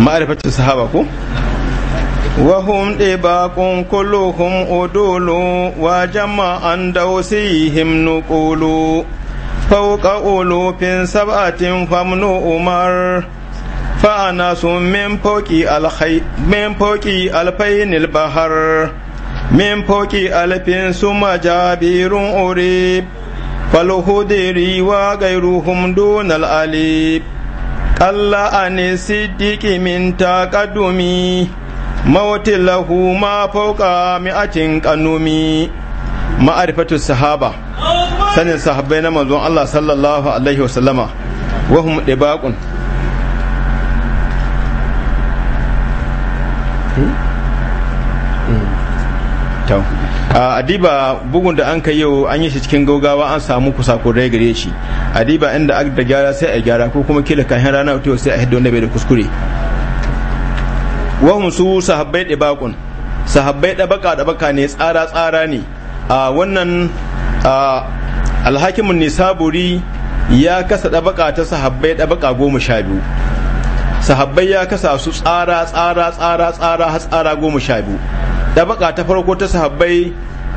ma'arifacin sahaba ko wahum ɗibakun kulluhum udulu wa jama'an su min fauki alfayin albahar min fauki alfin su majabirun Allah ani siddiqi min taqadumi mawti lahu ma fawqa mi'atin qanumi ma'arifatu sahaba sanin sahabbai na manzon Allah sallallahu alaihi wasallama wahum dibaqun hmm? hmm. tau adiba bugun da an ka yau an yi shi cikin gaugawa an samu kusakurai gare shi adiba inda ak da gyara sai a gyara ko kuma kila kahin rana ta sai a hiddo wanda bai da kuskure wahum su sahabbai bakun sahabbai da baka ne tsara tsara ne a wannan alhakimin nisaburi ya kasa baka ta sahabbai baka goma sha biyu sahabbai ya kasa su tsara tsara tsara tsara har tsara goma sha biyu baka ta farko ta sahabbai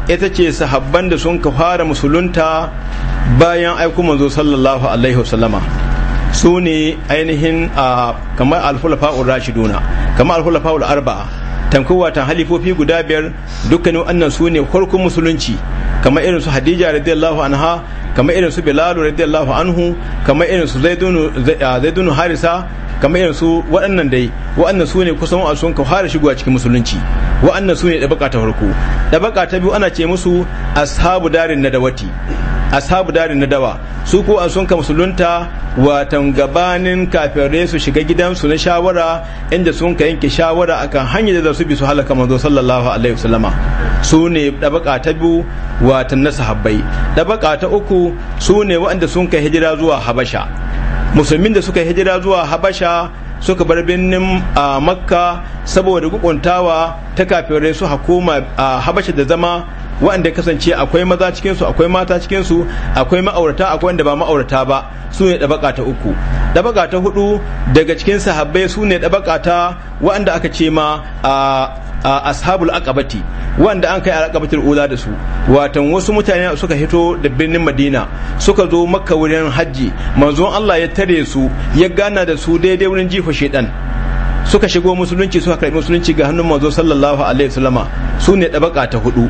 ita ce sahabban da sun ka fara musulunta bayan aiku manzo sallallahu alaihi wasallama su ne ainihin a kamar alfulafa rashiduna kamar alfulafa arba'a tankowa ta halifofi guda biyar dukkanin wannan su ne farkon musulunci kamar irin su hadija radiyallahu anha kamar irin su bilalu radiyallahu anhu kamar irin su zaidunu harisa kamar yin su waɗannan dai waɗannan su ne kusan wa'a sun fara shigowa cikin musulunci waɗannan su ne ɗabaka ta farko ɗabaka ta biyu ana ce musu ashabu darin na dawati ashabu darin dawa su ko an sun ka musulunta watan gabanin kafirai su shiga gidansu na shawara inda sun ka yanke shawara akan hanyar da su bi su halaka manzo sallallahu alaihi wasallama su ne dabaka ta biyu watan na sahabbai dabaka ta uku su ne waɗanda sun ka hijira zuwa habasha musulmin da suka hijira zuwa habasha suka bar birnin a makka saboda guguntawa ta kafirai su hakuma a habasha da zama waɗanda kasance akwai maza cikin su akwai mata cikin su akwai ma'aurata akwai wanda ba ma'aurata ba su ne dabaka ta uku dabaka ta hudu daga cikin sahabbai su ne dabaka ta waɗanda aka ce ma ashabul aqabati wanda an kai alaqabatul ula da su watan wasu mutane suka hito da birnin madina suka zo makka wurin hajji manzon Allah ya tare su ya gana da su daidai wurin jifa shedan suka shigo musulunci suka karbi musulunci ga hannun manzo sallallahu alaihi wasallama su ne ɗabaka ta hudu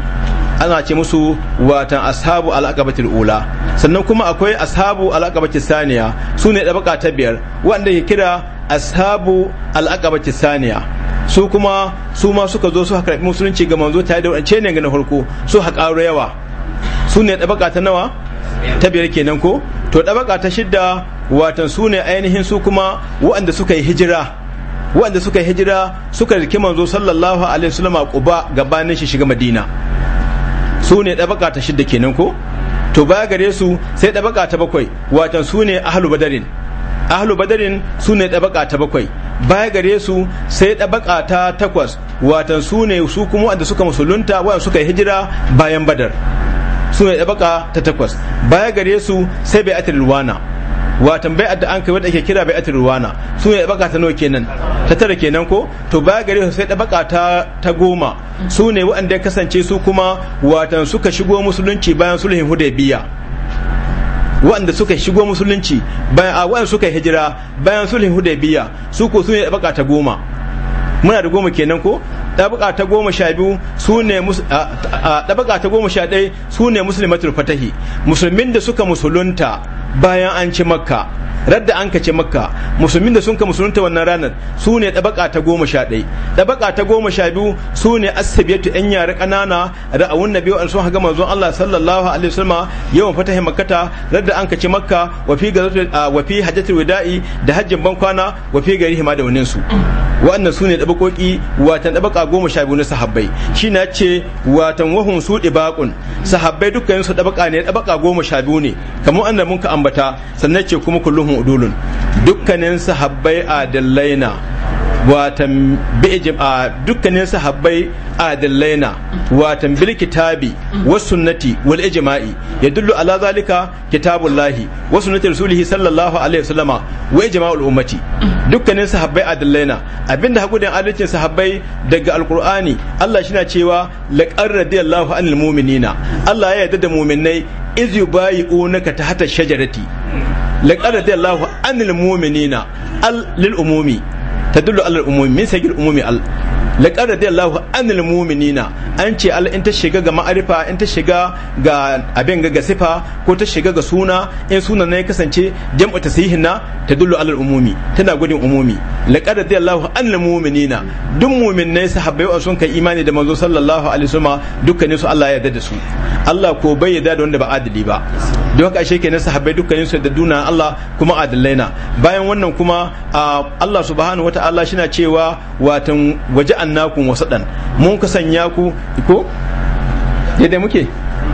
ana ce musu watan ashabu al'aqabatil ula sannan kuma akwai ashabu al'aqabatil saniya su ne ɗabaka ta biyar wanda ke kira ashabu al'aqabatil saniya su kuma su ma suka zo su karbi musulunci ga manzo tare da wance ne ga na farko su haƙaro yawa su ne ɗabaka ta nawa ta biyar kenan ko to ɗabaka ta shidda watan su ne ainihin su kuma waɗanda suka yi hijira waɗanda suka yi hijira suka rike manzo sallallahu alaihi wasallam quba gabanin shi shiga madina su ne ɗabaka ta shidda kenan ko to baya gare su sai ɗabaka ta bakwai watan su ne ahlu badarin ahlu badarin su ne ɗabaka ta bakwai baya gare su sai ɗabaka ta takwas watan su ne su kuma wanda suka musulunta waɗanda suka yi hijira bayan badar su ne ɗabaka ta takwas baya gare su sai bai atil wana watan bai'at da an kai wadda ake kira bai'atul ruwana su ne baka ta nawa kenan ta tara kenan ko to baya gare su sai da baka ta ta goma su ne waɗanda ya kasance su kuma watan suka shigo musulunci bayan sulhin hudaybiya waɗanda suka shigo musulunci bayan a waɗanda suka hijira bayan sulhin hudaybiya su ko su ne da baka ta goma muna da goma kenan ko ɗabaka ta goma sha biyu su ne ɗabaka ta goma sha ɗaya su ne musulmatul fatahi musulmin da suka musulunta bayan an ci makka radda an kace makka musulmin da sun ka musulunta wannan ranar su ne ɗabaƙa ta goma sha ɗai ɗabaƙa ta goma sha biyu su ne asabiyatu yan yare ƙanana ra'awun na biyu an sun haga manzon Allah sallallahu alaihi wasallam yawan fatahi makkata radda an kace makka wa fi wa fi hajjatul wada'i da hajjin ban kwana wa fi gari hima da wannan su wa'annan su ne ɗabaƙoƙi watan ɗabaƙa goma sha biyu na sahabbai shi na ce watan wahun su ɗibaƙun sahabbai dukkanin su ɗabaƙa ne ɗabaƙa goma sha biyu ne kamar annabinka mun ka ambata sannan ce kuma kulluhun mu'dulun dukkanin sahabbai adallaina watan dukkanin sahabbai adillaina watan bil kitabi was sunnati wal ijma'i yadullu ala zalika kitabullahi wa sunnati rasulih sallallahu alaihi wasallama wa ijma'ul ummati dukkanin sahabbai adillaina abinda hakudin adalcin sahabbai daga alqur'ani Allah shi na cewa laqad radiyallahu anil mu'minina Allah ya yarda da mu'minai iz yubayi'unaka tahta shajarati laqad radiyallahu anil mu'minina lil umumi tadullu alal umumi min sagil umumi al laqad radiyallahu anil mu'minina an ce in ta shiga ga ma'arifa in ta shiga ga abin ga sifa ko ta shiga ga suna in na ne kasance jam'u tasihin na dullu alal umumi tana gudun umumi laqad radiyallahu anil mu'minina duk mu'minai sahabbai wa sun kai imani da manzo sallallahu alaihi wasallam dukkanin su Allah ya yarda da su Allah ko bai yarda da wanda ba adali ba don haka ashe kenan sahabbai dukkanin su da duna Allah kuma adalai na bayan wannan kuma ah, Allah subhanahu wataala shi na cewa watan waje wasadan mun ka sanya ku ko yadda muke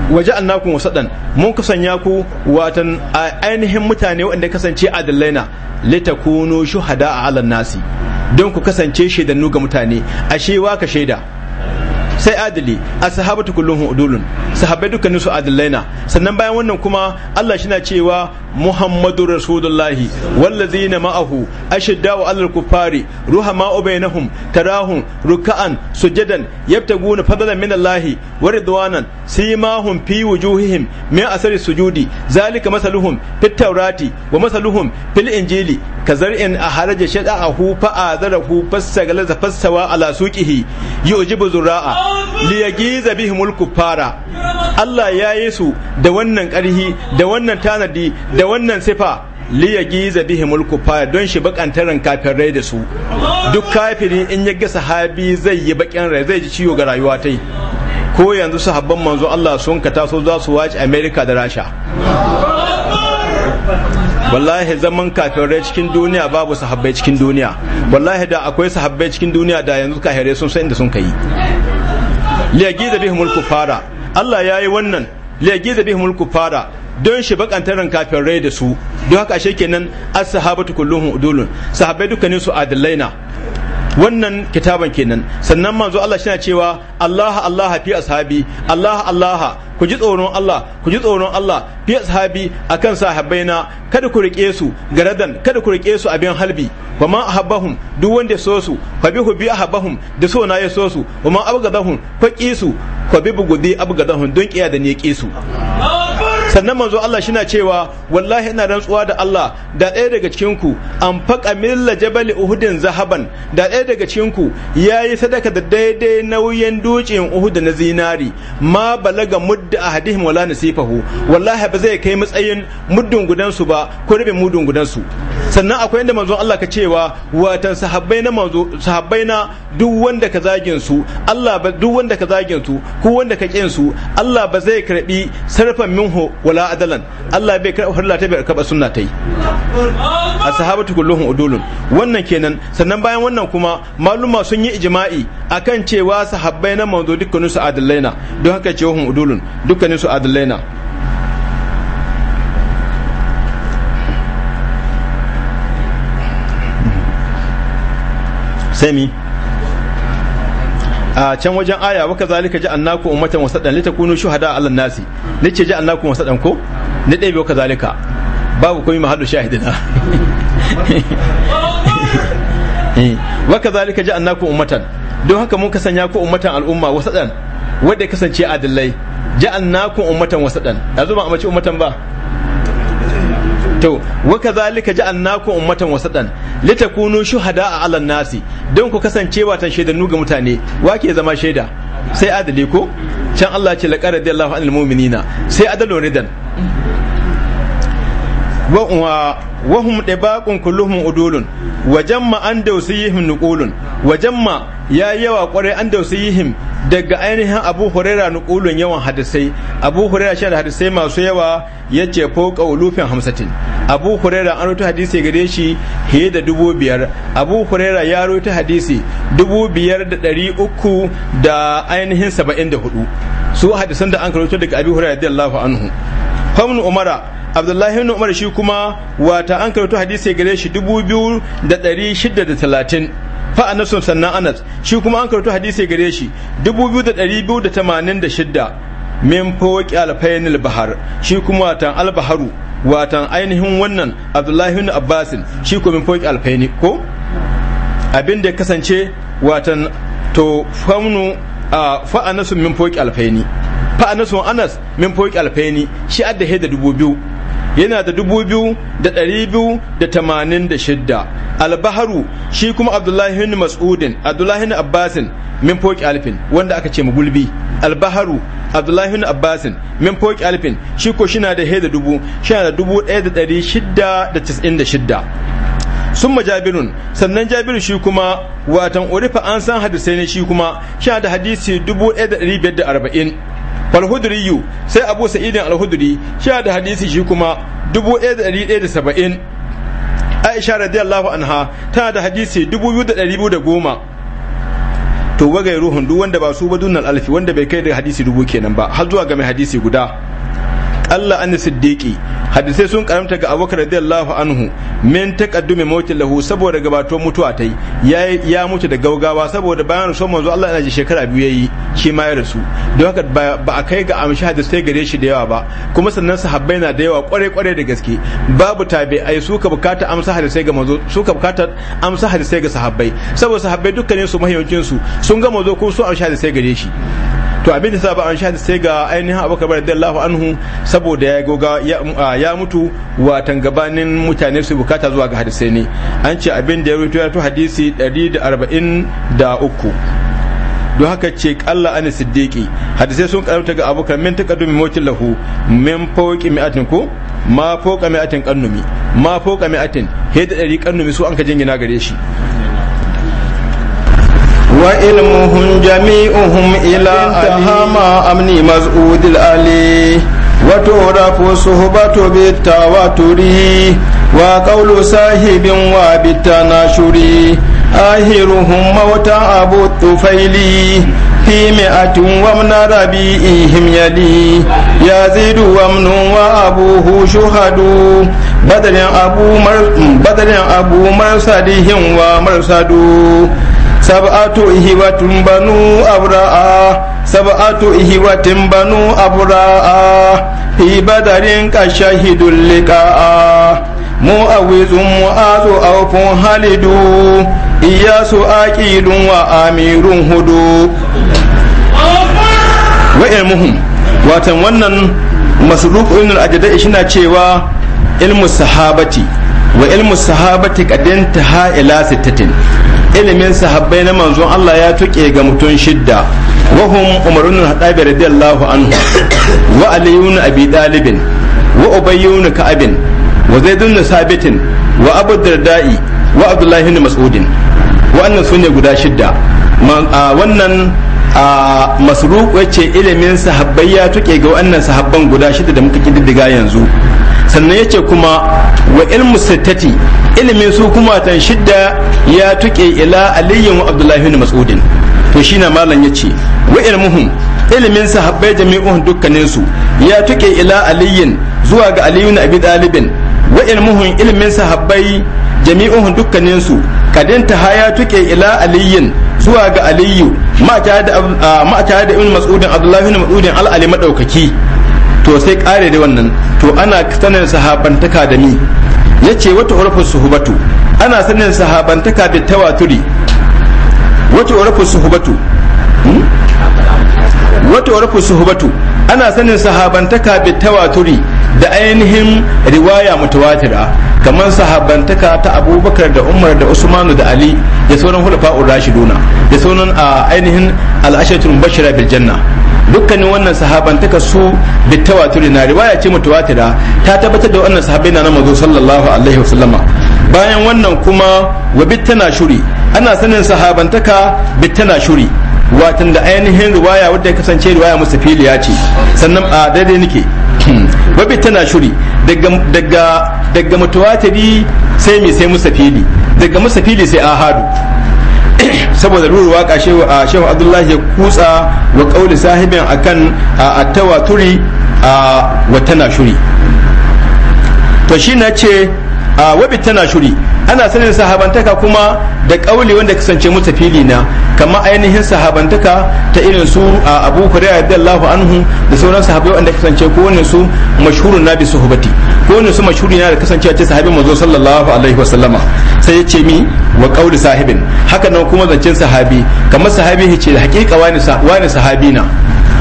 waje annakun wasaɗan mun sanya ku watan ainihin mutane wanda kasance adallaina litakunu shuhada a alan nasi don ku kasance shaidannu ga mutane ashe ka shaida sai adali ashabatu kulluhum udulun sahabbai dukkanin su adalai na sannan bayan wannan kuma Allah shi na cewa Muhammadu Rasulullahi wallazina ma'ahu ashaddaw 'alal kuffari ruhama'u bainahum tarahun ruka'an sujadan yabtaguna fadlan min Allah wa ridwanan simahum fi wujuhihim min asari sujudi zalika masaluhum fit tawrati wa masaluhum fil injili kazar'in a shada'ahu fa'adarahu fassagala fassawa ala suqihi yujibu zura'a liyagiza mulku fara. Allah ya yi su da wannan ƙarhi da wannan tanadi da wannan sifa liyagiza mulku fara don shi bakantaran kafirai da su duk kafirin in ya ga sahabi zai yi bakin rai zai ji ciwo ga rayuwa ta ko yanzu sahabban manzo Allah sun ka taso za su waci America da Rasha wallahi zaman kafirai cikin duniya babu sahabbai cikin duniya wallahi da akwai sahabbai cikin duniya da yanzu kafirai sun san inda sun kai liyagiza bihimul kufara Allah yi wannan liyagiza bihimul kufara don shi bakanta kafin rai da su don haka ashe kenan as-sahabatu kulluhum udulun sahabbai dukkanin su adillai na wannan kitaban kenan sannan manzo Allah shine cewa Allah Allah fi ashabi Allah Allah ku ji tsoron Allah ku ji tsoron Allah fi ashabi akan sahabbaina kada ku rike su garadan kada ku rike su abin halbi wa ma ahabbahum duk wanda so su fa bihu bi ahabbahum da so na ya so su wa ma abgadahum fa qisu fa bi bugudi abgadahum don kiya da ne qisu sannan manzo Allah shi na cewa wallahi ina rantsuwa da Allah da ɗaya daga cikin ku an faƙa milla jabal uhudin zahaban da ɗaya daga cikin ku yayi sadaka da daidai nauyin dutsen uhud na zinari ma balaga mudda ahadihim wala nasifahu wallahi ba zai kai matsayin muddun gudan ba ko rabin muddun gudan sannan akwai inda manzo Allah ka cewa watan sahabbai na manzo sahabbai na duk wanda ka zagin su Allah ba duk wanda ka zagin su ko wanda ka kin su Allah ba zai karbi sarfan minhu wala adalan Allah bai karɓa farilla ta bai karɓa sunna ta yi ashabatu kulluhum udulun wannan kenan sannan bayan wannan kuma maluma sun yi ijma'i akan cewa sahabbai na manzo dukkanin su adallaina don haka cewa hum udulun dukkanin su adallaina sai mi a can wajen aya wa kazalika ja'alnakum ummatan wasadan litakunu shuhada 'alan nasi nace ja'alnakum wasadan ko ni dai wa kazalika babu komai mahallu shahidina eh, wa kazalika ja'alnakum ummatan don haka mun kasanya ku ummatan al'umma wasadan wanda kasance adillai ja'alnakum ummatan wasadan yanzu ba a mace ummatan ba to wa kadhalika ja'alnakum ummatan wasatan litakunu a 'alan nasi don ku kasance tan shaidannu nuga mutane wa ke zama shaida sai adali ko can Allah ce laqad radiyallahu anil mu'minina sai adalun ridan wahum ɗabaƙun kulluhum udulun wa jamma an dausiyihim nuqulun wa jamma ya yawa kwarai an dausiyihim daga ainihin abu huraira nuqulun yawan hadisai abu huraira shi da hadisai masu yawa ya ce ko qaulufin hamsatin abu huraira an rutu hadisi gare shi he da dubu biyar abu huraira ya rutu hadisi dubu biyar da ɗari uku da ainihin saba'in da hudu su hadisan da an karuto daga abu huraira radiyallahu anhu famnu umara abdullahi ibn umar shi kuma wata an karatu hadisi gare shi 2630 fa anas sannan anas shi kuma an karatu hadisi gare shi 2286 min fawqi alfainil bahar shi kuma al albaharu wata ainihin wannan abdullahi ibn abbas shi kuma min fawqi alfaini ko abin da kasance wata to famnu fa anas min fawqi alfaini fa anas anas min fawqi alfaini shi adda da dubu biyu yana da dubu biyu da ɗari biyu da tamanin da shidda albaharu shi kuma abdullahi bin mas'udin abdullahi bin abbasin min foki alfin wanda aka ce magulbi albaharu abdullahi bin abbasin min foki alfin shi ko shi na da he da dubu shi na da dubu ɗaya da ɗari shidda da casa'in da shidda sun jabirun sannan jabiru shi kuma watan urufa an san hadisai ne shi kuma shi na da hadisi dubu ɗaya da ɗari biyar da arba'in falhudriyu sai abu sa'idin alhudri shi da hadisi shi kuma 1170 aisha radiyallahu anha ta da hadisi 2210 to wagai ruhun duk wanda ba su ba dunnal alfi wanda bai kai da hadisi dubu kenan ba har zuwa ga mai hadisi guda Allah an siddiqi hadisai sun karamta ga abubakar radiyallahu anhu min taqaddumi mautin lahu saboda gabato mutuwa tai ya ya mutu da gaugawa saboda bayan rasul manzo Allah yana ji shekara biyu yayi shi ma ya rasu don haka ba a kai ga amshi hadisai gare shi da yawa ba kuma sannan sahabbai na da yawa kware kware da gaske babu ai su ka bukata amsa hadisai ga manzo su ka bukata amsa hadisai ga sahabbai saboda sahabbai dukkanin su mahiyancin su sun ga manzo kuma su amsa hadisai gare shi to abin da sabon an sha sai ga ainihin abu kabar da Allahu anhu saboda ya goga ya mutu watan gabanin mutane su bukata zuwa ga hadisai ne an ce abin da ya rubuta ya to hadisi 143 don haka ce kalla ana siddiqi hadisai sun karanta ga abokan min kadumi motin lahu min fawqi mi'atin ko ma fawqa mi'atin kannumi ma fawqa mi'atin he da dari kannumi su an ka jingina gare shi وإلمهم جميعهم إلى أهما أمني مزعود الألي وتعرف صحبة بالتواتر وقول صاحب وبالتناشر آهرهم موت أبو الطفيل في مئة ومن ربيئهم يلي يزيد ومن وأبوه شهد بدر أبو, مرسدهم ومرسد sab'atu ihwatin banu abra'a sab'atu ihwatin banu abra'a fi badarin kashahidul liqa'a مؤوز مؤاذ أوف wa amirun آكيل وآمير هدو وإلمهم watan wannan masruq ibn al-ajdai shina cewa ilmu sahabati wa ilmu sahabati qadanta ha ila sittatin ilimin sahabbai na manzon Allah ya tuke ga mutum shidda wahum umar ibn hadabi radiyallahu anhu wa ali ibn abi talib wa ubay ibn ka'ab wa zaid ibn wa abu darda'i wa abdullah ibn mas'ud wannan sunne guda shidda wannan masruq yace ilimin sahabbai ya tuke ga wannan sahabban guda shidda da muka kiddiga yanzu sannan yace kuma wa ilmu sittati ilimin su kuma tan shidda ya tuke ila aliyin wa abdullahi bin mas'udin to shine malam yace wa ilmuhum ilimin sahabbai jami'un dukkanin su ya tuke ila aliyin zuwa ga aliyu na abi dalibin wa ilmuhum ilimin sahabbai jami'un dukkanin su ha ya tuke ila aliyin zuwa ga aliyu ma ta da ibn mas'udin abdullahi bin mas'udin al-ali madaukaki to sai kare da wannan to ana sanin sahabantaka da ni yace wata urfu suhbatu ana sanin sahabantaka bi tawaturi wata urfu suhbatu hmm? wata urfu suhbatu ana sanin sahabantaka bi tawaturi da ainihin riwaya mutawatira kamar sahabantaka ta abubakar da umar da usmanu da ali da sauran hulafa'ur rashiduna da sauran a ainihin al'ashatul bashira bil janna dukkanin wannan sahabantaka su bitawaturi na riwaya ce mutawatira ta tabbatar da wannan sahabbai na manzo sallallahu alaihi wasallama bayan wannan kuma wa bittana shuri ana sanin sahabantaka bittana shuri watan da ainihin riwaya wadda ya kasance riwaya musafiliya ce sannan a daidai nake hmm. wa bittana shuri daga daga daga mutawatiri sai mi sai musafili daga musafili sai ahadu saboda ruwar waka shehu abdullahi ya kutsa wa kauli sahibin akan attawa turi wa tana shuri to shi na ce wabi tana shuri ana sanin sahabantaka kuma da kauli wanda kasance fili na kama ainihin sahabantaka ta irin su abu hurairah radiyallahu anhu da sauran sahabai wanda kasance kowane su mashhurun bi suhubati wannan su mashuri na da kasancewa ce sahabin manzo sallallahu alaihi wasallama sai ya ce mi wa qauli sahibin haka nan kuma zancen sahabi kamar sahabi ya ce hakika wani wani sahabi na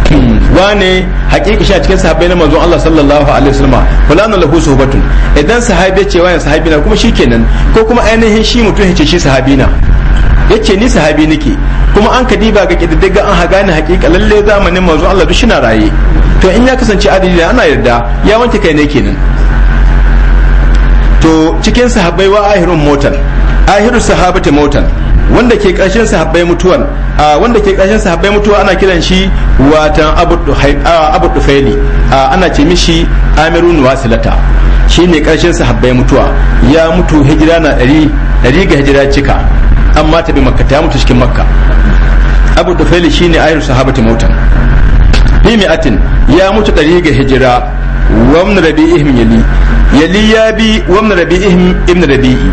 hmm. wane hakika shi a cikin sahabbai na manzon Allah sallallahu alaihi wasallama fulana lahu suhbatun idan sahabi ya ce wani sahabi na kuma shikenan ko kuma ainihin shi mutum ya ce shi sahabi na yace ni sahabi nake kuma an ka diba ga kididdiga an haga ni hakika lalle zamanin manzon Allah duk shi na raye to in ya kasance adali ana yarda ya wanke kai ne kenan to cikin sahabbai wa ahirun motan ahirun sahabati motan wanda ke ƙarshen sahabbai mutuwan wanda ke ƙarshen sahabbai mutuwa ana kiran shi watan abu dufaili ana ce mishi amirun wasilata shi ne ƙarshen sahabbai mutuwa ya mutu hijira na ɗari ga hijira cika amma tabi makka ta mutu cikin makka abu dufaili shi ne ahirun sahabati motan fi mi'atin ya mutu ɗari ga hijira wamna rabi'ihim yali yali ya bi wamna rabi'ihim ibn rabi'i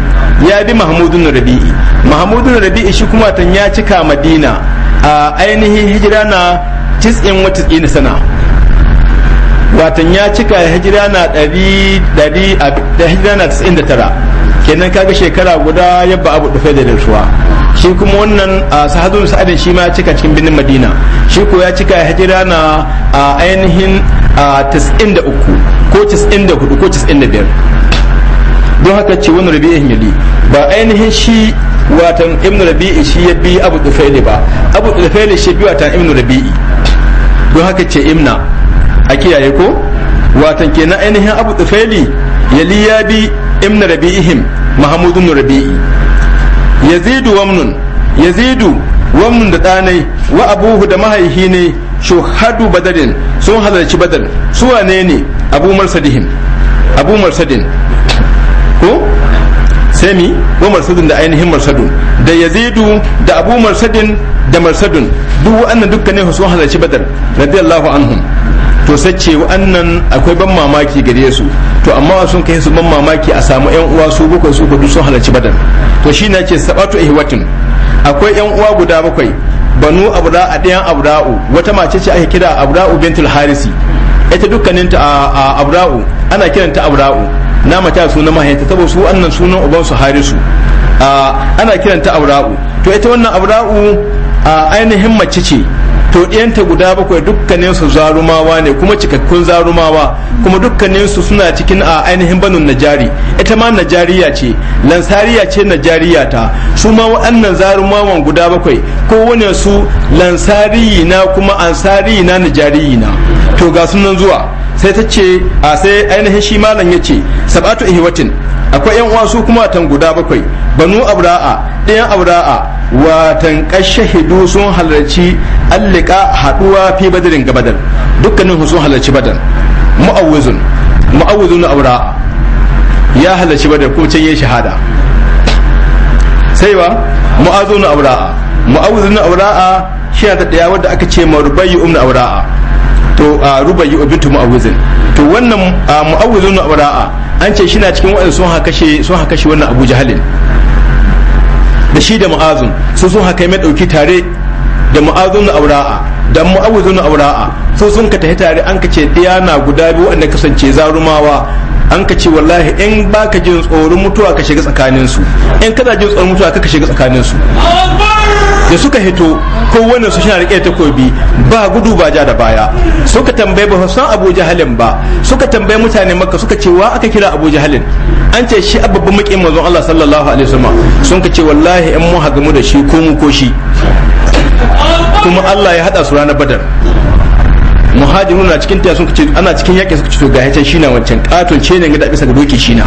ya bi mahmudun rabi'i mahmudun rabi'i shi kuma tan ya cika madina a ainihi hijira na tis'in wata tis'ina sana watan ya cika hijira na ɗari ɗari a hijira na tis'in da tara kenan kaga shekara guda yabba abu dufai da rasuwa shi kuma wannan a sahadun sa'adin shi ma ya cika cikin birnin madina shi ko ya cika hijira na a ainihin 93 ko 94 ko 95 don haka ce wani rabi'in yali ba ainihin shi watan ibn rabi'i shi ya bi abu dufaili ba abu dufaili shi ya bi watan ibn rabi'i don haka ce imna a kiyaye ko watan ke na ainihin abu dufaili yali ya bi ibn rabi'ihim mahmud ibnu rabi'i yazidu wamnun yazidu wamun da ɗanai wa abuhu da mahaihi ne shuhadu badarin sun halarci badar su wane ne abu marsadihim abu marsadin ko sai mi wa marsadin da ainihin marsadun da yazidu da abu marsadin da marsadun duk wa'annan dukkanin sun halarci badar radiyallahu anhum to sace wannan akwai ban mamaki gare su to amma sun kai su ban mamaki a samu yan uwa su bakwai su kudu sun halarci badar to shi ne ce sabatu ihwatin akwai yan uwa guda bakwai banu abda a ɗayan abda'u wata mace ce ake kira abda'u bintul harisi ita dukkaninta a abda'u ana kiranta abda'u na mata sunan mahaifta saboda su wannan sunan uban su harisu ana kiranta abda'u to ita wannan abda'u ainihin mace ce to ɗiyanta guda bakwai dukkaninsu zarumawa ne kuma cikakkun zarumawa kuma dukkaninsu suna cikin a ainihin banun najari ita ma najariya ce lansariya ce najariya ta su ma waɗannan zarumawan guda bakwai ko wane su lansariyi na kuma ansariyi na najariyi na to ga sunan zuwa sai ta ce a sai ainihin shi malam ya ce sab'atu ihwatin akwai yan uwa su kuma tan guda bakwai banu abra'a ɗayan abra'a watan shahidu sun halarci allika haduwa fi badarin ga badar dukkanin sun halarci badar mu'awwizun mu'awwizun aura ya halarci badar ko can yayin shahada sai ba mu'azun aura mu'awwizun aura shi da daya wanda aka ce marubayyu umna aura to rubayyu bintu mu'awwizin to wannan mu'awwizun aura an ce shi na cikin wa'in sun haka kashe wannan abu jahalin da shi da mu'azun su sun haka mai dauki tare da mu'azun aura'a da na aura'a su sun ka tafi tare an ka ce ɗaya na guda biyu wanda kasance zarumawa an ka ce wallahi in baka jin tsoron mutuwa ka shiga tsakanin su in kana jin tsoron mutuwa ka shiga tsakanin su da suka hito ko wannan su shina rike takobi ba gudu ba ja da baya suka tambaye ba san Abu Jahalin ba suka tambaye mutane Makka suka ce wa aka kira Abu Jahalin an ce shi babban makin manzon Allah sallallahu alaihi wasallam sun ka ce wallahi in mun hagamu da shi ko mu ko shi kuma Allah ya hada su ranar badar muhajirun na cikin taya sun ce ana cikin yakin suka ce to ga shi na wancan katon ce ne ga da bisa ga doki shi na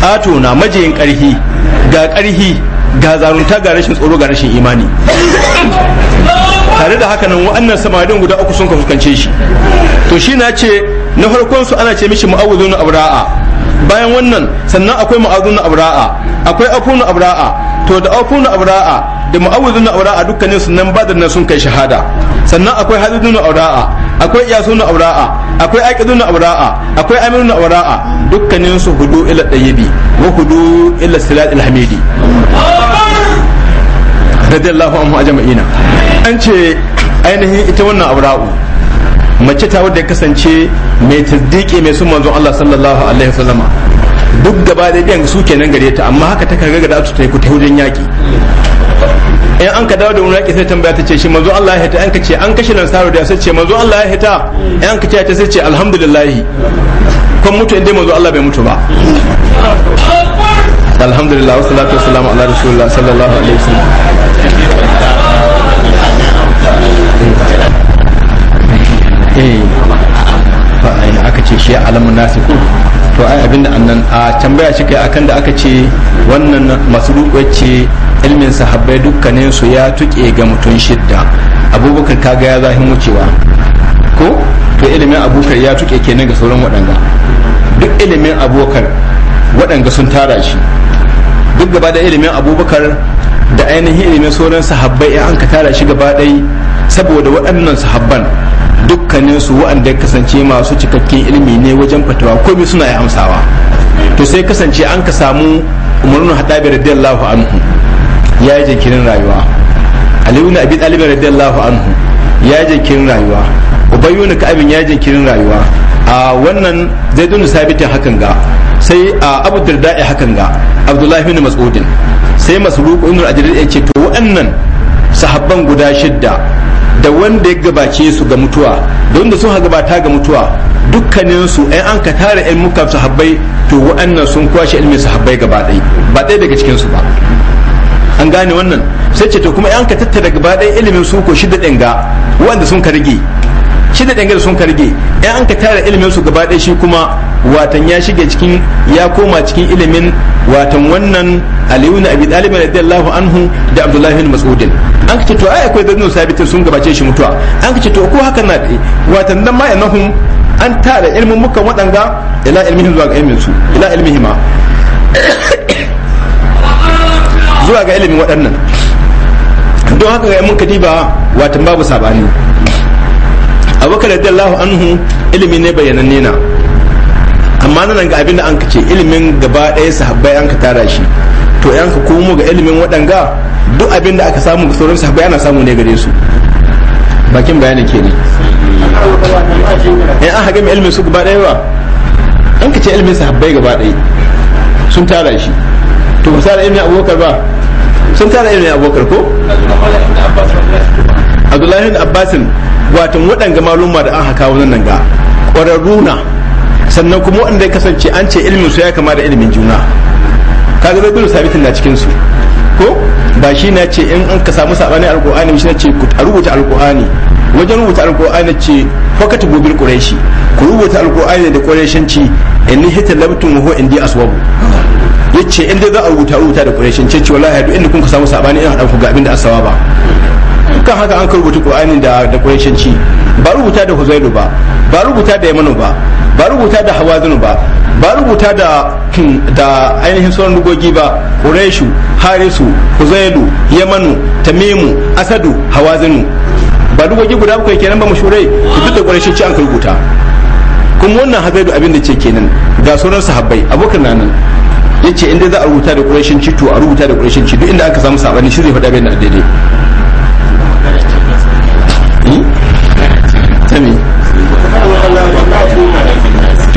kato na majiyin karhi ga karhi ga zarunta ga rashin tsoro ga rashin imani tare da haka nan wa'annan samarin guda uku sun ka fuskance shi to shi na ce na farkon su ana ce mishi mu'awudun abra'a bayan wannan sannan akwai mu'awudun abra'a akwai afu afunu abra'a to da afunu abra'a da mu'awudun abra'a dukkanin su nan badar nan sun kai shahada sannan akwai hadidun abra'a akwai iyasun abra'a akwai aqidun abra'a akwai aminun abra'a dukkanin su hudu ila dayyibi wa hudu ila silat alhamidi radiyallahu anhu ajma'ina an ce ainihin ita wannan abra'u mace ta wadda ya kasance mai tasdiki mai sun manzon Allah sallallahu alaihi wasallama duk gaba da biyan su kenan gare ta amma haka ta kaga da ta yi kuta hujjan yaki in an ka dawo da wani sai tambaya ta ce shi manzo Allah ya hita an ka ce an kashe nan saro da sai ce manzo Allah ya hita in an ka ce ta sai ce alhamdulillah kun mutu inda manzo Allah bai mutu ba alhamdulillah wassalatu wassalamu ala rasulillah sallallahu alaihi wasallam eh aka ce shi alamun nasiku to ai abinda annan a tambaya shi kai akan da aka ce wannan masu masruqa ce ilmin sahabbai dukkanin su ya tuke ga mutum shidda abubakar kaga ya zahin wucewa ko to ilimin abubakar ya tuke kenan ga sauran waɗanda duk ilimin abubakar waɗanda sun tara shi duk gaba da ilimin abubakar da ainihin ilimin sauran sahabbai ya an ka tara shi gaba ɗai saboda waɗannan sahabban dukkaninsu waɗanda ya kasance masu cikakken ilimi ne wajen fatawa komai suna ya amsawa to sai kasance an ka samu umarnin umarnu haɗabi radiyallahu anhu ya yi jinkirin rayuwa aliyu na abi ɗalibin radiyallahu anhu ya yi jinkirin rayuwa ubayyu na ka'abin ya yi jinkirin rayuwa a wannan zai dunu sabitin hakan ga sai a abu dirda'i hakan ga abdullahi bin mas'udin sai masruq ibn al-ajrid ya ce to wa'annan sahabban guda shidda da wanda ya gabace su ga mutuwa don da sun gabata ga mutuwa dukkanin su ɗan an ka tara ɗan su sahabbai to wa'annan sun kwashe ilmin sahabbai gaba ɗai ba ɗaya daga cikin su ba an gane wannan sai ce to kuma ɗan ka tattara gaba ɗaya ilimin su ko shida ɗin ga wanda sun ka rage shida ɗin ga sun ka rage ɗan an ka tara ilimin su gaba ɗaya shi kuma watan ya shige cikin ya koma cikin ilimin watan wannan aliyu na abi ɗalibin radiyallahu anhu da abdullahi bin mas'udin an kace to ai akwai zannu sabitin sun gabace shi mutuwa an kace to ko haka na dai wato dan ma yanahum an tara ilmin mukan waɗanga ila ilmihim zuwa ga ilmin su ila ilmihima zuwa ga ilmin waɗannan don haka ga mun kadiba wato babu sabani abubakar radiyallahu anhu ilimi ne bayyananne na amma nan ga abin da an kace ilmin gaba ɗaya sahabbai an ka tara shi to yanka ka komo ga ilimin waɗanga duk abin da aka samu sauran sahabbai ana samu ne gare su bakin bayanin ke ne in aka gami ilmin su gaba ɗaya ba an ka ce ilmin sahabbai gaba ɗaya sun tara shi to ba tara ilmin abokar ba sun tara ilmin abokar ko abdullahi da abbasin watan waɗanga maluma da haka kawo nan ga ƙwararru na sannan kuma waɗanda ya kasance an ce ilmin su ya kama da ilmin juna kaga zai gudu sabitin na cikin su ko ba shi na ce in an ka samu sabani alqur'ani shi na ce ku rubuta alqur'ani wajen rubuta alqur'ani ce fakat gobir quraishi ku rubuta alqur'ani da in hita labtun ho wa di aswabu ce in dai za a rubuta rubuta da quraishanci ce wallahi haɗu inda kun ka samu sabani in haɗa ku ga abin da asawa ba kan haka an ka rubuta qur'ani da da quraishanci ba rubuta da huzailu ba ba rubuta da yamanu ba ba rubuta da hawazinu ba ba rubuta da hmm, da ainihin sauran lugogi ba Quraishu Harisu Huzailu Yamanu Tamimu Asadu Hawazinu ba lugogi guda bakwai kenan ba mashurai duk da Quraishu ci an rubuta kuma wannan hazaidu abin da ce kenan ga sauran sahabbai abokan nan yace inda za a rubuta da Quraishin ci to a rubuta da Quraishin ci duk inda aka samu sabani shi zai faɗa bayan daidai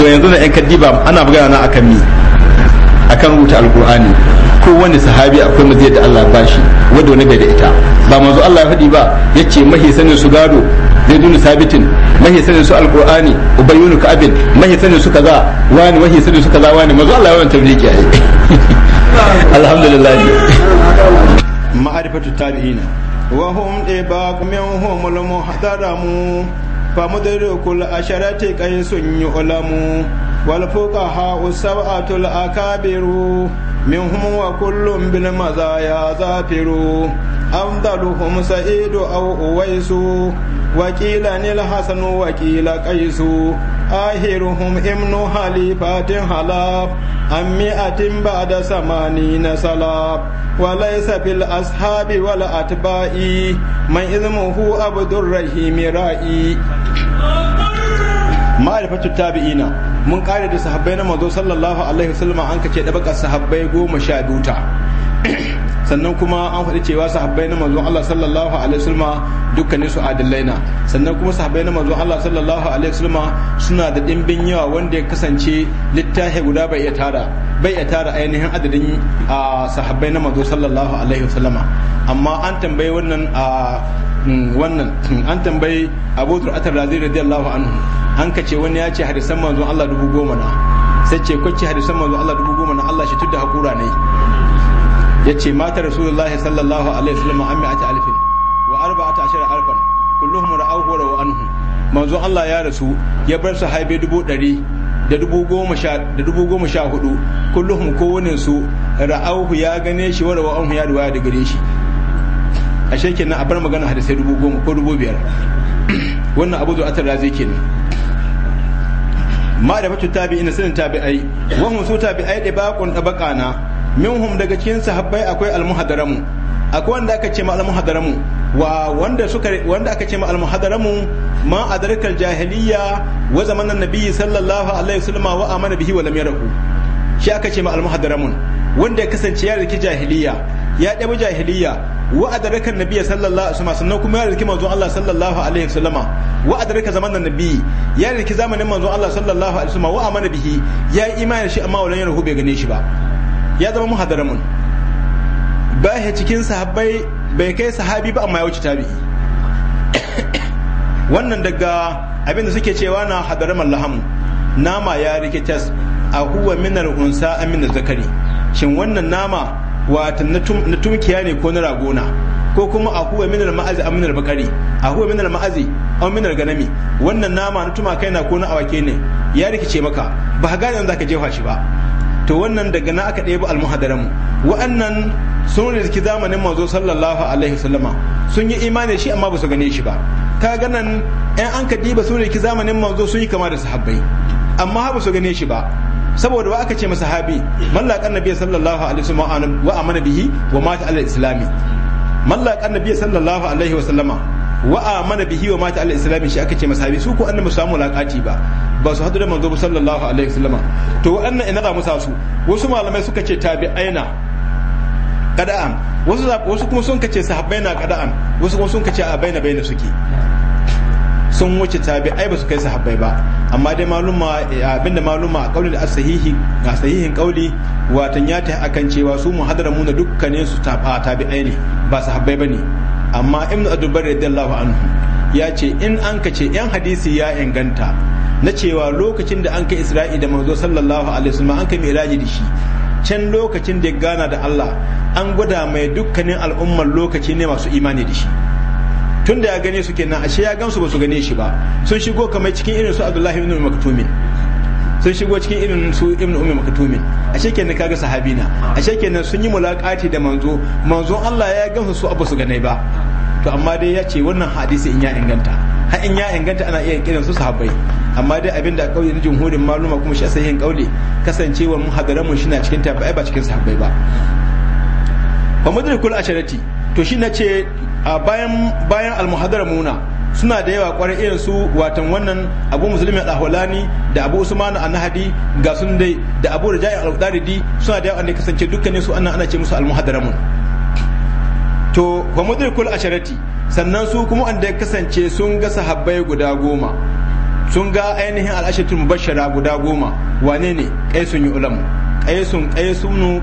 to yanzu na yan kaddiba ana magana na akan mi akan rubuta alkur'ani ko wani sahabi akwai mazi da Allah ba shi wadda wani bai da ita ba manzo Allah ya faɗi ba yace mahi sanin su gado dunu sabitin mahi sanin su alkur'ani ubayyunu ka'abin mahi sanin su kaza wani mahi sanin su kaza wani manzo Allah ya wannan tabriki yayi alhamdulillah ma'arifatu tabi'ina wa hum ibaq minhum al-muhtaramu fa mudriku al asharati yi ulamu والفقهاء السبعة الأكابر منهم وكل بالمزايا زافر أفضلهم سعيد أو أويس وكيل الحسن وكيل قيس آخرهم ابن حليفة حلاب عن مئة بعد ثمانين سلاب وليس في الأصحاب والأتباع من إذمه عبد الرحيم رائي معرفة التابعين mun kare da sahabbai na mazo sallallahu alaihi wasallam an kace da baka sahabbai goma sha biyu ta sannan kuma an faɗi cewa sahabbai na mazo Allah sallallahu alaihi wasallam dukkanin su adillai na sannan kuma sahabbai na mazo Allah sallallahu alaihi wasallam suna da dimbin yawa wanda ya kasance littafi guda bai iya tara bai iya tara ainihin adadin ah, sahabbai na mazo sallallahu alaihi wasallam amma an tambayi wannan ah, wannan an tambayi abu dur'atar razi radiyallahu anhu an ce wani ya ce hadisan manzon Allah dubu goma na sai ce kwace hadisan manzon Allah dubu goma na Allah shi tudda hakura ne ya ce mata rasulullahi sallallahu alaihi wasallam an mi'ata alfin wa arba'ata ashara harfan kulluhum ra'awhu wa rawu anhu manzon Allah ya rasu ya bar su haibe dubu dari da dubu goma sha da dubu goma sha hudu kulluhum kowannen su ra'awhu ya gane shi wa rawu anhu ya riwaya da gare shi ashe kenan a bar magana hadisai dubu goma ko dubu biyar wannan abu zuwa atar razi kenan ma da fatu tabi ina sanin tabi'ai wannan su tabi'ai da bakon da bakana minhum daga cikin sahabbai akwai almuhadaramu akwai wanda aka ce ma almuhadaramu wa wanda suka wanda aka ce ma almuhadaramu ma adarkal jahiliya wa zamanan nabiyyi sallallahu alaihi wasallam wa amana bihi wa lam yarahu shi aka ce ma almuhadaramun wanda ya kasance ya riki jahiliya ya ɗabi jahiliya wa adraka nabiyya sallallahu alaihi wasallam sannan kuma ya riki manzon Allah sallallahu alaihi wasallama wa adraka zamanan nabiyyi ya riki zamanin manzon Allah sallallahu alaihi wasallama wa amana bihi ya yi imani shi amma wannan yarhu bai gane shi ba ya zama muhadaramun ba ya cikin sahabbai bai kai sahabi ba amma ya wuce tabi'i wannan daga abinda suke cewa na hadaraman lahamu nama ya rikitas a huwa minar unsa amina zakari shin wannan nama watan na tumkiya ne ko na ragona ko kuma a huwa minar ma'azi a minar bakari a huwa minar ma'azi a minar ganami wannan nama na tuma kai na ko na awake ne ya rikice maka ba ka gane za ka jefa shi ba to wannan daga na aka ɗebi almuhadaramu wa'annan sun rizki zamanin mazo sallallahu alaihi wasallama sun yi imani shi amma ba su gane shi ba ka ganan yan an ka diba sun rizki zamanin mazo sun yi kama da sahabbai amma ba su gane shi ba saboda wa aka ce masa habi mallakan nabi sallallahu alaihi wasallam wa amana bihi wa mata alal islami mallakan nabi sallallahu alaihi wasallama wa amana bihi wa mata alal islami shi aka ce masa habi su ko annabi samu lakati ba ba su hadu da manzo sallallahu alaihi wasallama to wannan ina za mu sa su wasu malamai suka ce tabi'aina qada'an wasu wasu kuma sun kace sahabbai na qada'an wasu kuma sun kace a baina baina suke sun wuce tabi'ai ba su kai sahabbai ba amma dai maluma eh, abinda maluma a kauli da asahihi a sahihin kauli wato ya ta akan cewa su muhadara muna dukkanin su ai ne ba sahabbai bane amma ibnu adubar radiyallahu anhu ya ce in an ka ce yan hadisi ya inganta na cewa lokacin da an kai isra'i da manzo sallallahu alaihi wasallam an kai miraji da shi can lokacin da ya gana da Allah an gwada mai dukkanin al'ummar lokaci ne masu imani da shi tun da ya gane su kenan ashe ya gamsu ba su gane shi ba sun shigo kamar cikin irin su abdullahi ibn maktumin sun shigo cikin irin su ibn ummi maktumin ashe kenan kaga sahabina ashe kenan sun yi mulakati da manzo manzon Allah ya gamsu su abu su gane ba to amma dai ya ce wannan hadisi in ya inganta har in ya inganta ana iya kiran su sahabbai amma dai abin da kauye na jumhurin maluma kuma shi asahin kauli kasancewar hadaran mu shina cikin tabi'ai ba cikin sahabbai ba wa mudrikul asharati to shi na ce a bayan bayan almuhadar muna suna da yawa kwarai irin su watan wannan abu musulmi a ahwalani da abu usman a nahadi ga sun dai da abu rajai al-qaridi suna da yawa ne kasance dukkanin su annan ana ce musu almuhadar muhadaramun to wa kul asharati sannan su kuma wanda ya kasance sun ga sahabbai guda goma sun ga ainihin al-asharatul guda goma wane ne sun yi ulamu qaisun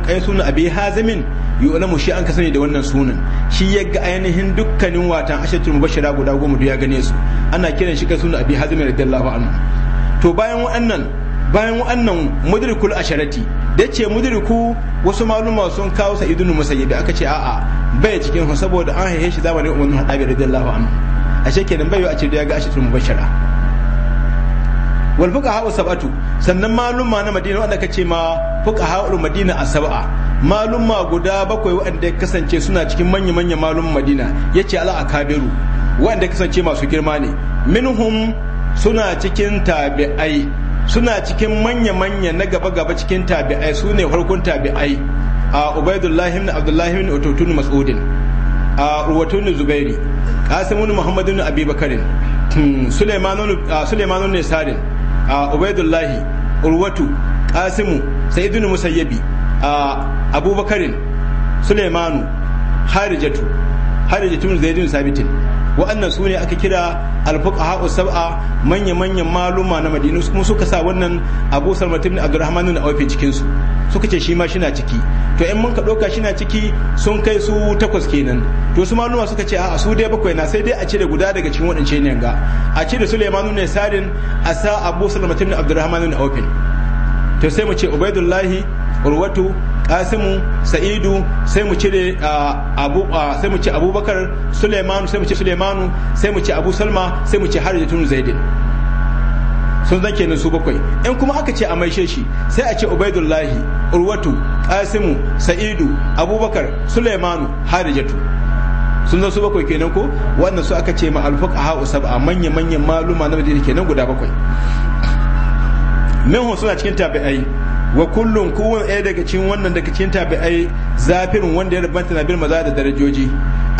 qaisunu abi hazimin yu'lamu shi an ka sani da wannan sunan shi ya ga ainihin dukkanin watan ashatul mubashshira guda goma da ya gane su ana kiran shi ka sunan abi hazim radiyallahu anhu to bayan wa'annan bayan wa'annan mudrikul asharati da ce mudriku wasu maluma sun kawo sa idunu musayyibi aka ce a'a bai cikin saboda an haihe shi zamanin umarnin hadabi radiyallahu anhu ashe kenan bai a ce da ya ga ashatul mubashshira wal fuqaha sab'atu sannan malumma na madina wanda kace ma fuqaha madina a sab'a malumma guda bakwai wanda ya kasance suna cikin manya manya malumman madina yace ala akabiru wanda ya kasance masu girma ne minhum suna cikin tabi'ai suna cikin manya manya na gaba gaba cikin tabi'ai sune farkon tabi'ai a ubaidullahi ibn abdullahi ibn ututun mas'udin a ruwatun zubairi qasimun muhammadun abi bakarin hmm, suleimanun ne sarin a ubaidullahi urwatu qasimu sayyidun musayyabi a abubakarin sulaimanu harijatu harijatu min zaidun sabitin wa'annan su ne aka kira alfuqaha sab'a manya manyan maluma na madina kuma suka sa wannan abu salmatin abdurrahman ibn awfi cikin su suka ce shi ma shina ciki to in mun ka ɗauka shi na ciki sun kai su takwas kenan to su maluma suka ce a su dai bakwai na sai dai a cire guda daga cikin ne ga a cire sulaimanu ne sarin a sa Abu Salama ibn Abdurrahman ne Aufin to sai mu ce Ubaidullahi Urwatu kasimu Sa'idu sai mu cire Abu sai mu ce Abubakar sulaimanu sai mu ce Suleimanu sai mu ce Abu Salma sai mu ce Harjatun Zaidin sun zan kenan su bakwai in kuma aka ce a maishe shi sai a ce ubaidullahi urwatu qasimu sa'idu abubakar sulaimanu harijatu sun zan su bakwai kenan ko wannan su aka ce ma alfuqaha usaba manya manyan maluma na madina kenan guda bakwai minhu suna cikin tabi'ai wa kullum kuwan ɗaya daga cikin wannan daga cikin tabi'ai zafirin wanda ya rabanta na bil maza da darajoji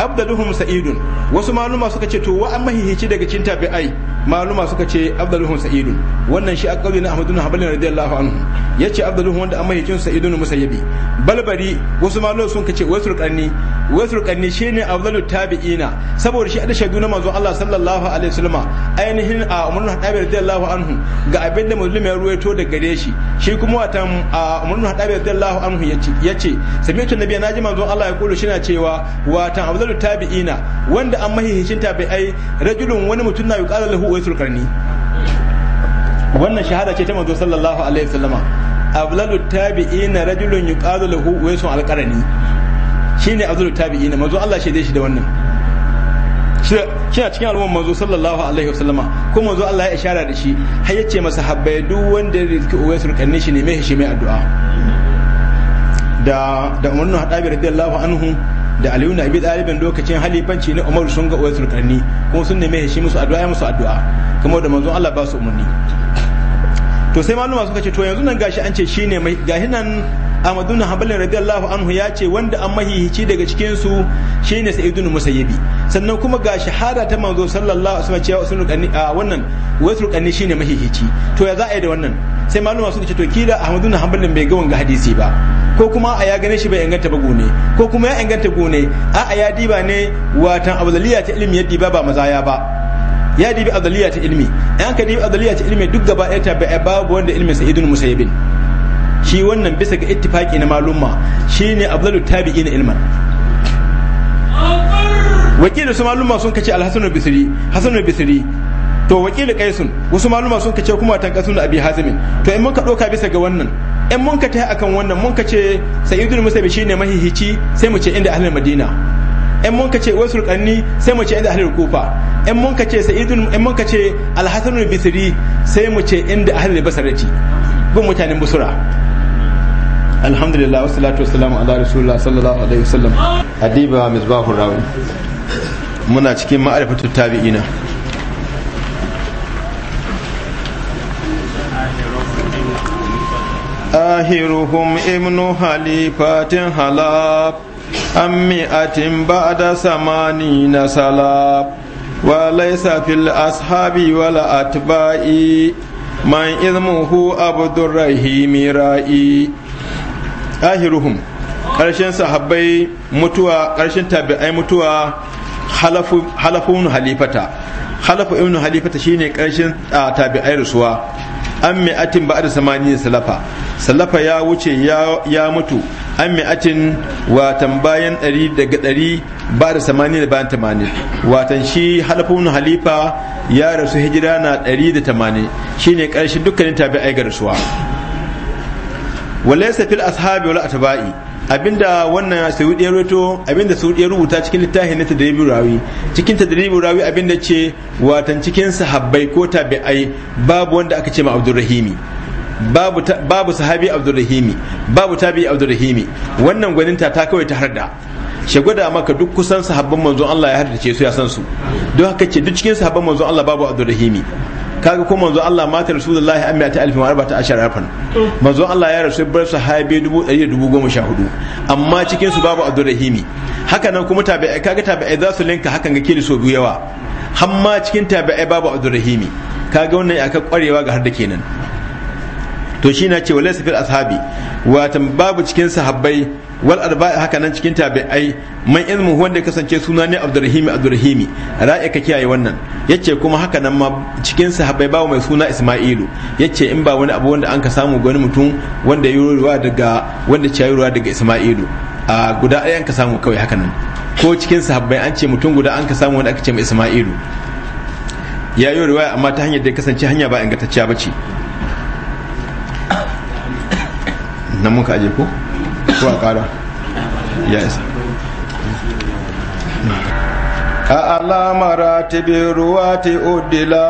abdaluhum sa'idun wasu maluma suka ce to wa an mahihici daga cin tabi'ai maluma suka ce abdaluhum sa'idun wannan shi akawi na bin hanbal radiyallahu anhu yace abdaluhum wanda an mahihicin sa'idun musayyabi balbari wasu maluma suka ce wasu qanni wasu qanni shine afdalut tabi'ina saboda shi da shaidu na manzon Allah sallallahu alaihi wasallam ainihin a umrun hadabi radiyallahu anhu ga abinda muslim ya ruwaito daga gare shi shi kuma watan a umrun hadabi radiyallahu anhu yace yace sami'tu nabiyyi naji manzo Allah ya kula shi na cewa watan afdalu tabi'ina wanda an mahihishin tabi'ai rajulun wani mutum na yuqalu lahu waisul qarni wannan shahada ce ta manzo sallallahu alaihi wasallama afdalu tabi'ina rajulun yuqalu lahu waisul alqarni shine afdalu tabi'ina manzo Allah shi shaide shi da wannan shi a cikin al'umma manzo sallallahu alaihi wasallama ko manzo Allah ya ishara da shi har yace masa habbai duk wanda ya rizki uwaisul qarni shi ne mai shi mai addu'a da da umarnin hadabi radiyallahu anhu da aliyu na abi ɗaliban lokacin halifanci na umaru sun ga uwar karni kuma sun neme shi musu addu'a musu addu'a kuma da manzon Allah ba su umarni to sai maluma suka ce to yanzu nan gashi an ce shine mai gashi nan Ahmadu na Hanbal radiyallahu anhu ya ce wanda an mahihici daga cikin su shine Sa'id bin Musayyibi sannan kuma ga shahada ta manzo sallallahu alaihi wasallam cewa usul a wannan wasul shi shine mahihici to ya za a yi da wannan sai maluma suka ce to kila Ahmadu na Hanbal bai ga wanga hadisi ba ko kuma a ya gane shi bai inganta ba gone ko kuma ya inganta gone a a ya diba ne watan abdaliya ta ilimi ya diba ba mazaya ba ya dibi abdaliya ta ilimi an ka dibi abdaliya ta ilimi duk gaba ɗaya ta bai babu wanda ilimin idun musayyibin shi wannan bisa ga ittifaki na malumma shine abdalu tabi'in ilman wakilu su malumma sun kace alhasan bisri hasan bisri to wakilu kaisun wasu malumma sun kace kuma tankasun abi hazimin to in muka doka bisa ga wannan in mun ka ta akan wannan mun ka ce sayyidul musabi shine mahihici sai mu ce inda ahlul madina in mun ka ce wasul qarni sai mu ce inda ahlul kufa in mun ka ce sayyidul in mun ka ce alhasanul bisri sai mu ce inda ahlul basarati bin mutanen busura alhamdulillah wassalatu wassalamu ala rasulillah sallallahu alaihi wasallam adiba misbahur rawi muna cikin ma'arifatu tabi'ina آهرهم ابن حليفات هلاب أم مئة بعد ثمانين سلاب وليس في الأصحاب ولا أتباع من إذمه عبد الرحيم رائي آهرهم ƙarshen sahabbai mutuwa ƙarshen tabi'ai mutuwa halafu ibn halifata halafu ibn halifata shine ƙarshen tabi'ai rusuwa an mi'atin ba'ad samaniyin salafa sallafa ya wuce ya mutu an mi'atin watan bayan ɗari daga ɗari ba da samani da bayan tamani watan shi halafun halifa ya rasu hijira na ɗari da tamani shi ne karshe dukkanin ai ga rasuwa walaisa fil ashabi wala atba'i abinda wannan sai ya rubuto abinda saudi ya rubuta cikin littafin na tadribu rawi cikin tadribu rawi abinda ce watan cikin sahabbai ko tabi'ai babu wanda aka ce ma abdurrahimi babu babu sahabi abdurrahimi babu tabi abdurrahimi wannan gwaninta ta kawai ta harda shi gwada maka duk kusan sahabban manzon Allah ya ce su ya san su don haka ce duk cikin sahabban manzon Allah babu abdurrahimi kaga ko manzon Allah mata rasulullahi amma ta alfin arba ta ashar arfan manzon Allah ya rasu bar sahabi dubu ɗari dubu goma sha hudu amma cikin su babu abdurrahimi haka nan kuma tabi'ai kaga tabi'ai za su linka hakan ga kili so biyu yawa hamma cikin tabi'ai babu abdurrahimi kaga wannan ka kwarewa ga har da kenan to shi na ce wa laisa fil ashabi watan babu cikin sahabbai wal arba haka nan cikin tabi'ai man ilmu wanda kasance suna ne abdurrahim abdurrahim ra'ayi ka kiyaye wannan yace kuma haka nan ma cikin sahabbai babu mai suna isma'ilu yace in ba wani abu wanda an ka samu wani mutum wanda ya ruwa daga wanda ya ruwa daga isma'ilu a guda ɗaya an ka samu kawai haka nan ko cikin sahabbai an ce mutum guda an ka samu wanda aka ce mai isma'ilu ya yi ruwa amma ta hanyar da ya kasance hanya ba ingantacciya ba ce nan muka aje ko ko a kara ya isa a alamara tibin ruwa ti odila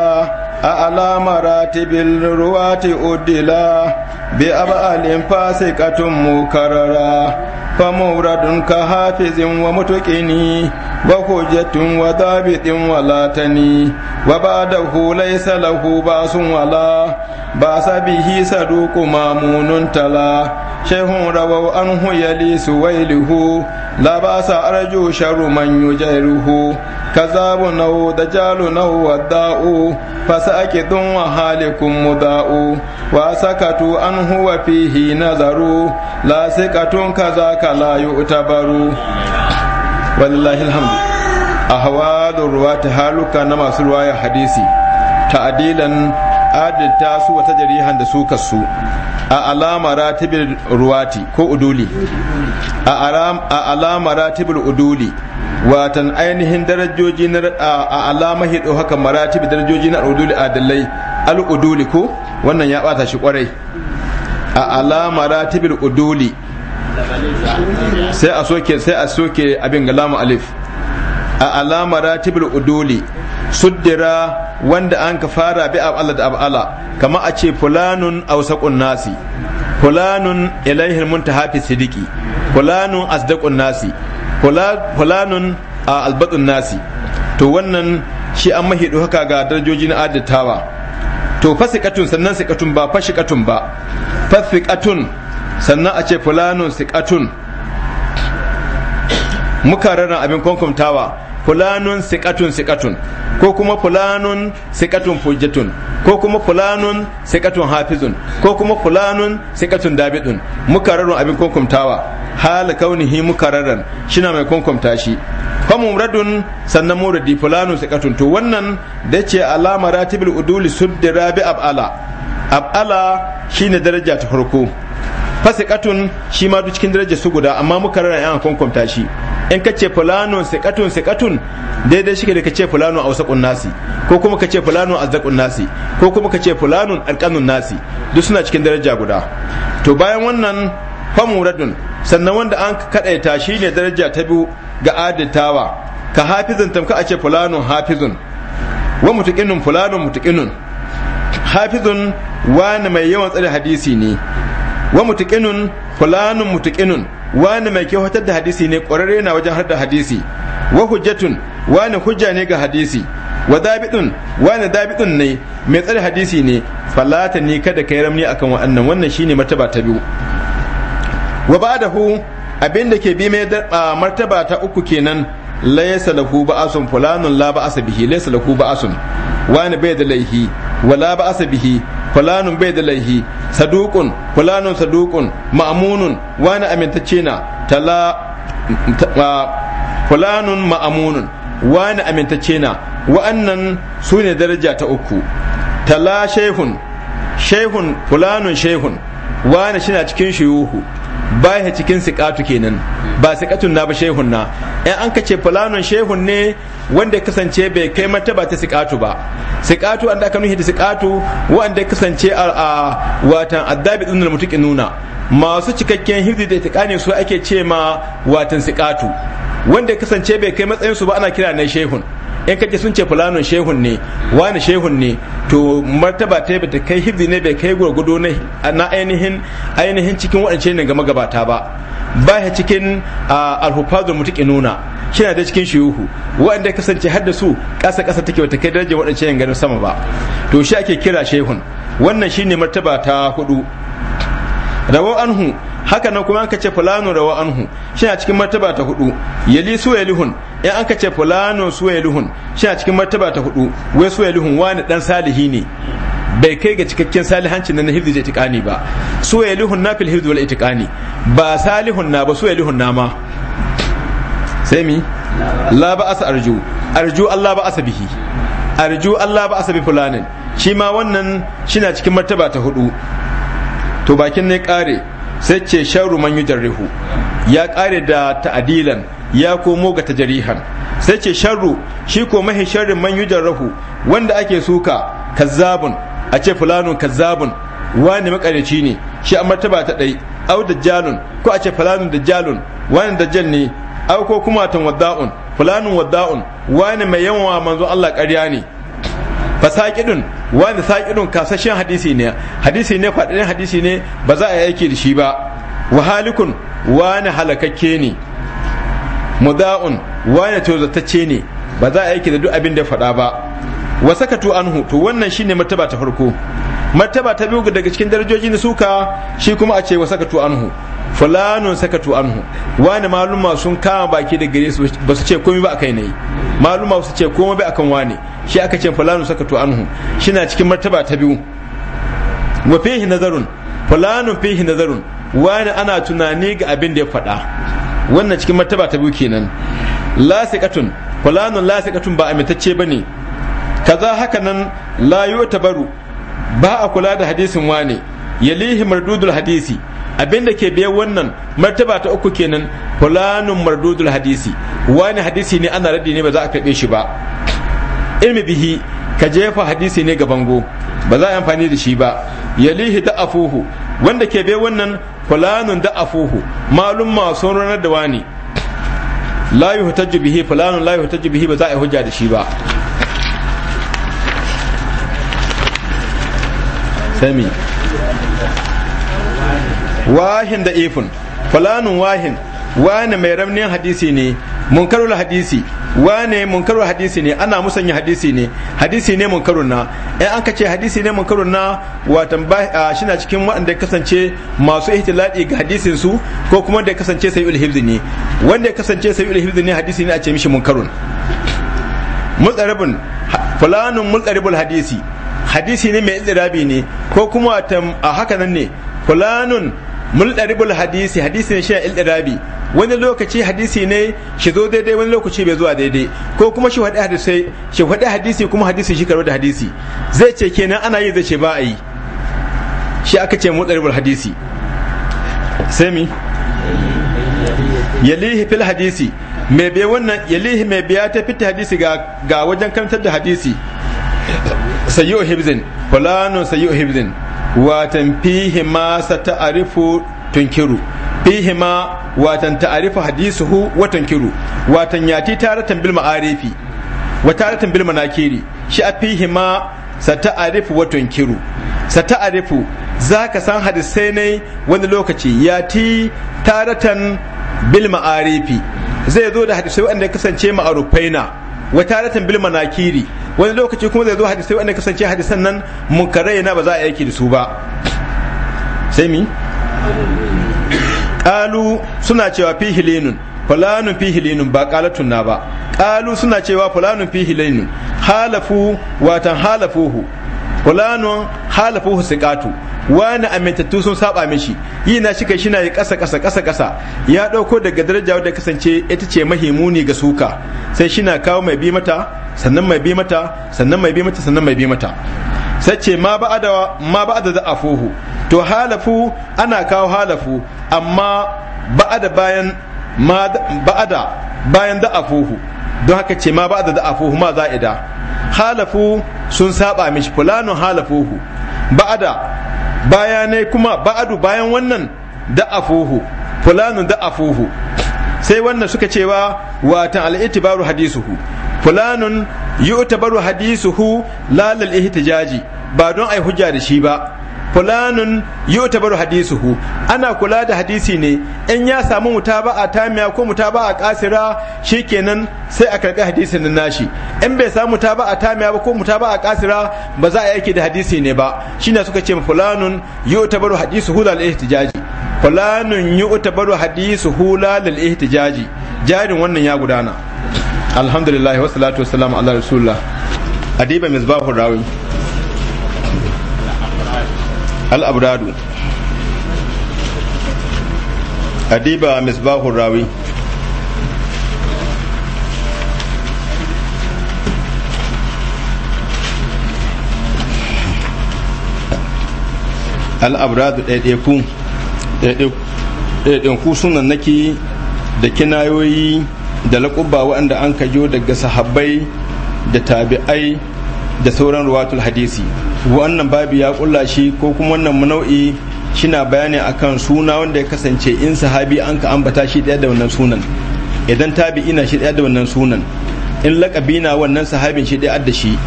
a alamara tibin ruwa ti odila bi abalin fasikatun mukarara فمورد كحافظ ومتقني وحجة وثابت ولا تني وبعده ليس له بأس ولا بأس به صدوق مامون تلا shehun rawau an huyali suwailihu la ba sa arju sharu man yujairuhu kazabu nau da jalu nau wa da'u fasakidun wa halikum muda'u wa sakatu an huwa fihi nazaru la sikatun kaza kala yu'tabaru wallahi alhamdu ahwadu ruwati haluka na masu ruwaya hadisi ta'adilan adadta su wata jarihan da su kasu a alama ratibul ruwati ko uduli a alama ratibul uduli watan ainihin darajoji na a alama hido haka maratib darajoji na uduli adalai al uduli ko wannan ya bata shi kwarai a alama ratibul uduli sai a soke sai a soke abin galama alif a alama ratibul uduli suddira wanda an ka fara bi Allah da ab'ala kama a ce fulanun ausaqun nasi fulanun ilaihil muntaha fi sidiki fulanun asdaqun nasi fulanun albatun nasi to wannan shi an mahidu haka ga darajoji na adatawa to fasikatun sannan sikatun ba fashikatun ba fasikatun sannan a ce fulanun sikatun muka rana abin kwankwamtawa fulanun sikatun sikatun ko kuma fulanun sikatun fujjatun ko kuma fulanun sikatun hafizun ko kuma fulanun sikatun dabidun mukararun abin kunkumtawa hal kaunihi mukararan shina mai kunkumta shi fa mumradun sannan muradi fulanun sikatun to wannan da ce alama ratibul uduli suddi rabi abala abala shine daraja ta farko fasikatun shi ma duk cikin darajar su guda amma muka rana yan kwankwamta shi in ka ce fulano sikatun sikatun daidai shi da ka ce a ausaqun nasi ko kuma ka ce a zaƙun nasi ko kuma ka ce fulano alƙanun nasi duk suna cikin daraja guda to bayan wannan famuradun sannan wanda an kaɗaita shi ne daraja ta biyu ga adatawa ka hafizun tamka a ce fulano hafizun wa mutuƙinun fulano mutuƙinun hafizun wani mai yawan tsare hadisi ne wa mutiqinun fulanun mutiqinun ne mai kyautar da hadisi ne ƙwararre na wajen harda hadisi wa hujjatun wani hujja ne ga hadisi wa wa wani dabidun ne mai tsare hadisi ne falata ne kada kai ramni akan wa'annan wannan shine martaba ta biyu wa ba'dahu abin ke bi mai martaba ta uku kenan laysa lahu ba'asun fulanun la ba'asa bihi laysa lahu ba'asun wani bai da laihi wala ba'asa bihi fulanun bai da laihi saduqun fulanun saduqun ma'munun wani amintacce na tala fulanun ma'munun wani amintacce na wa'annan su ne daraja ta uku tala shehun shehun fulanun shehun wani shi na cikin shuyuhu baya cikin sikatu kenan ba sikatun na ba shehun na in an ka ce fulanon shehun ne wanda ya kasance bai kai martaba ta sikatu ba Sikatu an da aka nuhi da wanda kasance a watan addabi dinul mutuƙi nuna masu cikakken hifzi da itiƙani su ake ce ma watan sikatu wanda kasance bai kai matsayin su ba ana kira ne shehun in kaji sun ce fulanon shehun ne wani shehun ne to martaba ta bata kai hibzi ne bai kai ne na ainihin ainihin cikin waɗance ne ga magabata ba ba ya cikin alhufazul mutiqinuna kina da cikin shuyuhu waɗanda kasance har da su ƙasa ƙasa take wata kai darajar waɗance ne ganin sama ba to shi ake kira shehun wannan shine martaba ta hudu rawu anhu haka nan kuma an kace fulano rawa anhu shi a cikin martaba ta hudu yali su yalihun in an kace fulano su yalihun shi a cikin martaba ta hudu wai su yalihun wani dan salihi ne bai kai ga cikakken salihancin na hifzi da itiqani ba su yalihun na fil hifzi wal itiqani ba salihun na ba su yalihun na ma sai mi la ba asa arju arju Allah ba asa bihi arju Allah ba asa bi fulanin shi ma wannan shi na cikin martaba ta hudu to bakin ne kare sai ce sharru man yujarrihu ya kare da ta'adilan ya komo ga tajarihan sai ce sharru shi ko mahi sharrin man yujarrahu wanda ake suka kazzabun a ce fulanun kazzabun wani makarici ne shi a martaba ta ɗai au dajjalun ko a ce fulanun dajjalun wani dajjal ne au ko kuma tan wadda'un fulanun wadda'un wani mai yawan manzo Allah ƙarya ne saqidun wani saqidun kasashen hadisi ne hadisi ne kwadarin hadisi ne ba za a yi aiki da shi ba wa halikun wani halakakke ne muda'un wani tozatacce ne ba za a yi aiki da duk abin da faɗa ba wa sakatu anhu to wannan shine martaba ta farko martaba ta biyu daga cikin darajoji na suka shi kuma a ce wa sakatu anhu fulanun sakatu anhu wani maluma sun kama baki da gare su ba su ce komai ba akai nayi maluma su ce komai ba akan wani shi aka ce fulanun sakatu anhu na cikin martaba ta biyu wa fihi nazarun fulanun fihi nazarun wani ana tunani ga abin da ya faɗa wannan cikin martaba ta biyu kenan lasiqatun fulanun lasiqatun ba amintacce bane kaza haka nan la yutabaru ba a kula da hadisin wane yalihi mardudul hadisi abin da ke biye wannan martaba ta uku kenan fulanun mardudul hadisi wani hadisi ne ana radi ne ba za a karɓe shi ba ilmi bihi ka jefa hadisi ne ga bango ba za a amfani da shi ba yalihi da afuhu wanda ke bai wannan fulanun da afuhu malum sun ranar da wani la yuhtaju bihi fulanun la yuhtaju bihi ba za a hujja da shi ba fami wahin da ifin falanun wahin wane mai ramnin hadisi ne munkarul hadisi wane munkarul hadisi ne ana musanya hadisi ne hadisi ne munkarun na in an ka ce hadisi ne munkarun na watan shina cikin waɗanda kasance masu ihtilaɗi ga hadisin su ko kuma da kasance sai hibzi ne wanda ya kasance sai hibzi ne hadisi ne a ce mishi munkarun mutsaribin fulanun mutsaribul hadisi hadisi ne mai tsirabi ne ko kuma a haka nan ne fulanun mulɗaribul hadisi hadisi ne shi ilɗirabi wani lokaci hadisi ne shi zo daidai wani lokaci bai zuwa daidai ko kuma shi faɗi hadisi shi faɗi hadisi kuma hadisi shi karo da hadisi zai ce kenan ana yi zai ce ba a yi shi aka ce mulɗaribul hadisi sami mi yalihi fil hadisi mai bai wannan yalihi mai biya ta fita hadisi ga wajen kamtar da hadisi sayyu hibzin fulanun sayyu hibzin watan fihi ma sata'arifu tunkiru fihi ma watan ta'arifu hadisuhu wa tunkiru watan yati taratan bil ma'arifi wa taratan bil manakiri shi a fihi ma sata'arifu wa tunkiru sata'arifu zaka san hadisai ne wani lokaci yati taratan bil ma'arifi zai zo da hadisai wanda kasance ma'arufaina wa taratan bil manakiri wani lokaci kuma zai zo hadisai wanda kasance hadisan nan munkarai na ba za a aiki da su ba sai mi qalu suna cewa fi hilinun fulanun fi hilinun ba qalatun na ba qalu suna cewa fulanun fi hilinun halafu watan halafuhu fulanun halafuhu siqatu wani amintattu sun saba mishi yi na shi kai shi na yi ƙasa ƙasa ƙasa ƙasa ya ɗauko daga daraja da kasance ita ce mahimuni ga suka sai shi na kawo mai bi mata sannan mai bi mata sannan mai bi mata sannan mai bi mata sai ce ma ba da ma ba da afuhu to halafu ana kawo halafu amma ba da bayan ma ba da bayan da afuhu don haka ce ma ba da da afuhu ma za'ida halafu sun saba mishi fulanun halafuhu ba da baya ne kuma ba'adu bayan wannan da afuhu fulanun da afuhu sai wannan suka cewa watan al'itibaru hadisuhu fulanun utabaru hadisuhu lalal ihtijaji ba don ai hujja da shi ba fulanun utabaru hadisuhu ana kula da hadisi ne in ya samu a tamiya ko a kasira shikenan sai a karɓi hadisi na nashi in bai samu a tamiya ba ko a kasira ba za a yake da hadisi ne ba shine suka ce fulanun utabaru hadisuhu lalal ihtijaji yi uta baro hadisu hula lil ihtijaji jarin wannan ya gudana alhamdulillah wa salatu wassalamu ala rasulillah adiba misbahur rawi al abradu adiba misbahur rawi al abradu ɗaiɗaiku ɗaiɗaiku sunan naki da kinayoyi da laƙubba waɗanda an kajo daga sahabbai da tabi'ai da sauran ruwatul hadisi wannan babu ya ƙulla shi ko kuma wannan nau'i shina bayani akan suna wanda ya kasance in sahabi an ka ambata shi ɗaya da wannan sunan idan tabi'ina shi ɗaya da wannan sunan in laƙabi na wannan sahabin shi ɗaya da shi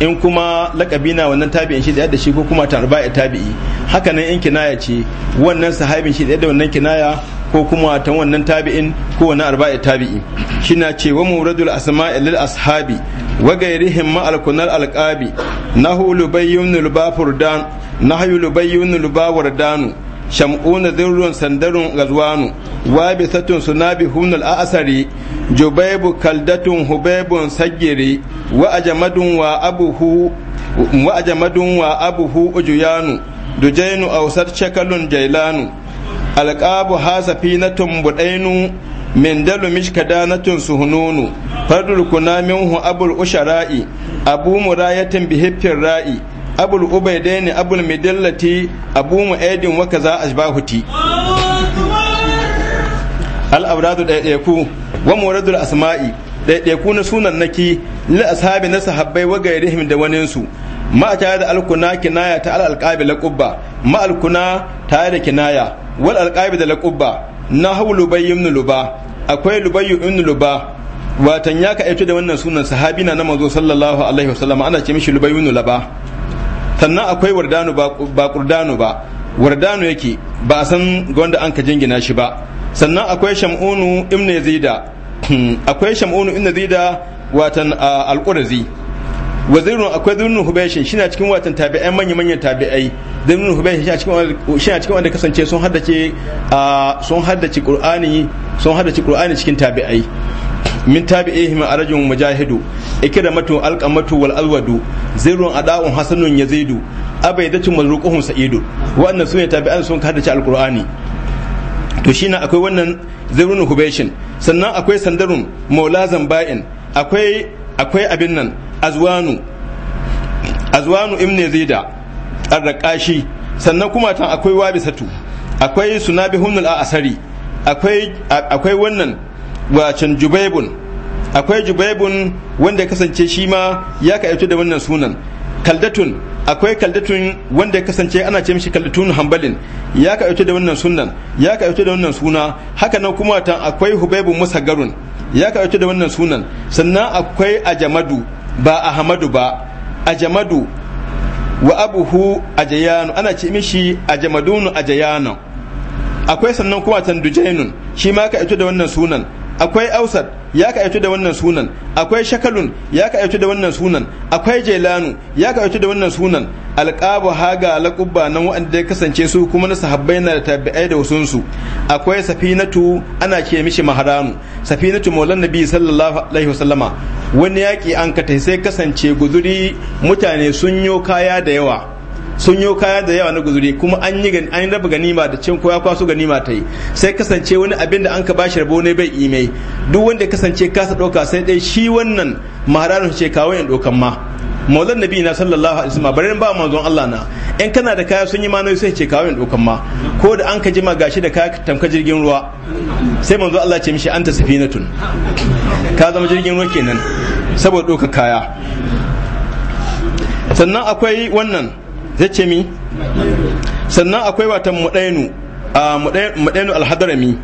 in kuma lakabi na wannan tabi'in shi da yadda shi ko kuma tarba'i tabi'i haka nan in kinaya ce wannan sahabin shi da yadda wannan kinaya ko kuma tan wannan tabi'in ko wani arba'i tabi'i shi na ce wa muradul asma'il lil ashabi wa gairihim ma alkunal alqabi nahu lubayyun lubaburdan nahyu lubayyun lubawardan sham'una dhirrun sandarun gazwanu wabisatun sunabihun al-asari jubaibu kaldatun hubaibun sajiri wa ajamadun wa abuhu wa ajamadun wa abuhu ujuyanu dujainu awsat shakalun jailanu alqabu hasafinatun budainu min dalu mishkadanatun suhununu fadul kunaminhu abul ushara'i abu murayatin bihiffin ra'i abul ubaidaini abul midallati abu mu'aidin wa kaza ashbahuti al'auratu ɗaiɗaiku wa muradul asma'i ɗaiɗaiku na sunan naki li ashabi na sahabbai wa gairihim da wani su. ma tare da alkuna kinaya ta al alqabi laqubba ma alkuna tare da kinaya wal alqabi da laqubba na hawlu bayyin luba akwai lubayyu ibn luba watan ya ka aito da wannan sunan sahabina na manzo sallallahu alaihi wasallam ana ce mishi lubayyu ibn luba sannan akwai wardanu ba kurdanu ba wardanu yake ba a san ga wanda an ka jingina shi ba sannan akwai sham'unu imne zida akwai sham'unu imne zida watan al wazirin akwai zunnu shi na cikin watan tabi'ai manya manyan tabi'ai da ibn shi a cikin shi a cikin wanda kasance sun haddace sun haddace qur'ani sun haddace qur'ani cikin tabi'ai min min arajun mujahidu ikramatu alqamatu wal alwadu zirrun ada'un hasanun yazidu abaidatu mazruquhum sa'idu wannan sune tabi'an sun haddace alqur'ani to shi na akwai wannan zirrun hubaishin sannan akwai sandarun maulazan ba'in akwai akwai abin nan azwanu azwanu ibn zida arraƙashi sannan kuma tan akwai wabisatu akwai sunabihun al-asari akwai akwai wannan wacan jubaibun akwai jubaibun wanda ya kasance shi ma ya kaito da wannan sunan kaldatun akwai kaldatun wanda ya kasance ana ce mishi kaldatun hambalin ya kaito da wannan sunan ya kaito da wannan suna haka nan kuma tan akwai hubaibun musagarun ya kaito da wannan sunan sannan akwai ajamadu ba ahmadu ba ajamadu wa abuhu ajayanu ana ce mishi ajamadunu ajayanu akwai sannan kuma dujainun shi ma ka da wannan sunan akwai ausad ya ka da wannan sunan akwai shakalun ya ka da wannan sunan akwai jailanu ya ka ito da wannan sunan alqabu haga laqubba nan wanda ya kasance su kuma na sahabbai na da tabi'ai da wasunsu akwai safinatu ana ce mishi maharanu safinatu maulan nabi sallallahu alaihi wasallama wani yaƙi an kata sai kasance guzuri mutane sun yi kaya da yawa sun yi kaya da yawa na guzuri kuma an yi an raba ganima da cin koya kwaso ganima ta yi sai kasance wani abin da an ka bashi rabo ne bai imai duk wanda kasance kasa ɗauka sai dai shi wannan maharar ce kawo ya ɗaukan ma maulan nabi na sallallahu alaihi wasallam bari ba manzon Allah na in kana da kaya sun yi ma sai ce kawo in dokan ma ko da an ka jima gashi da kaya tamka jirgin ruwa sai manzon Allah ce mishi anta safinatun ka zama jirgin ruwa kenan saboda doka kaya sannan akwai wannan zai ce mi sannan akwai watan mudainu mudainu alhadarami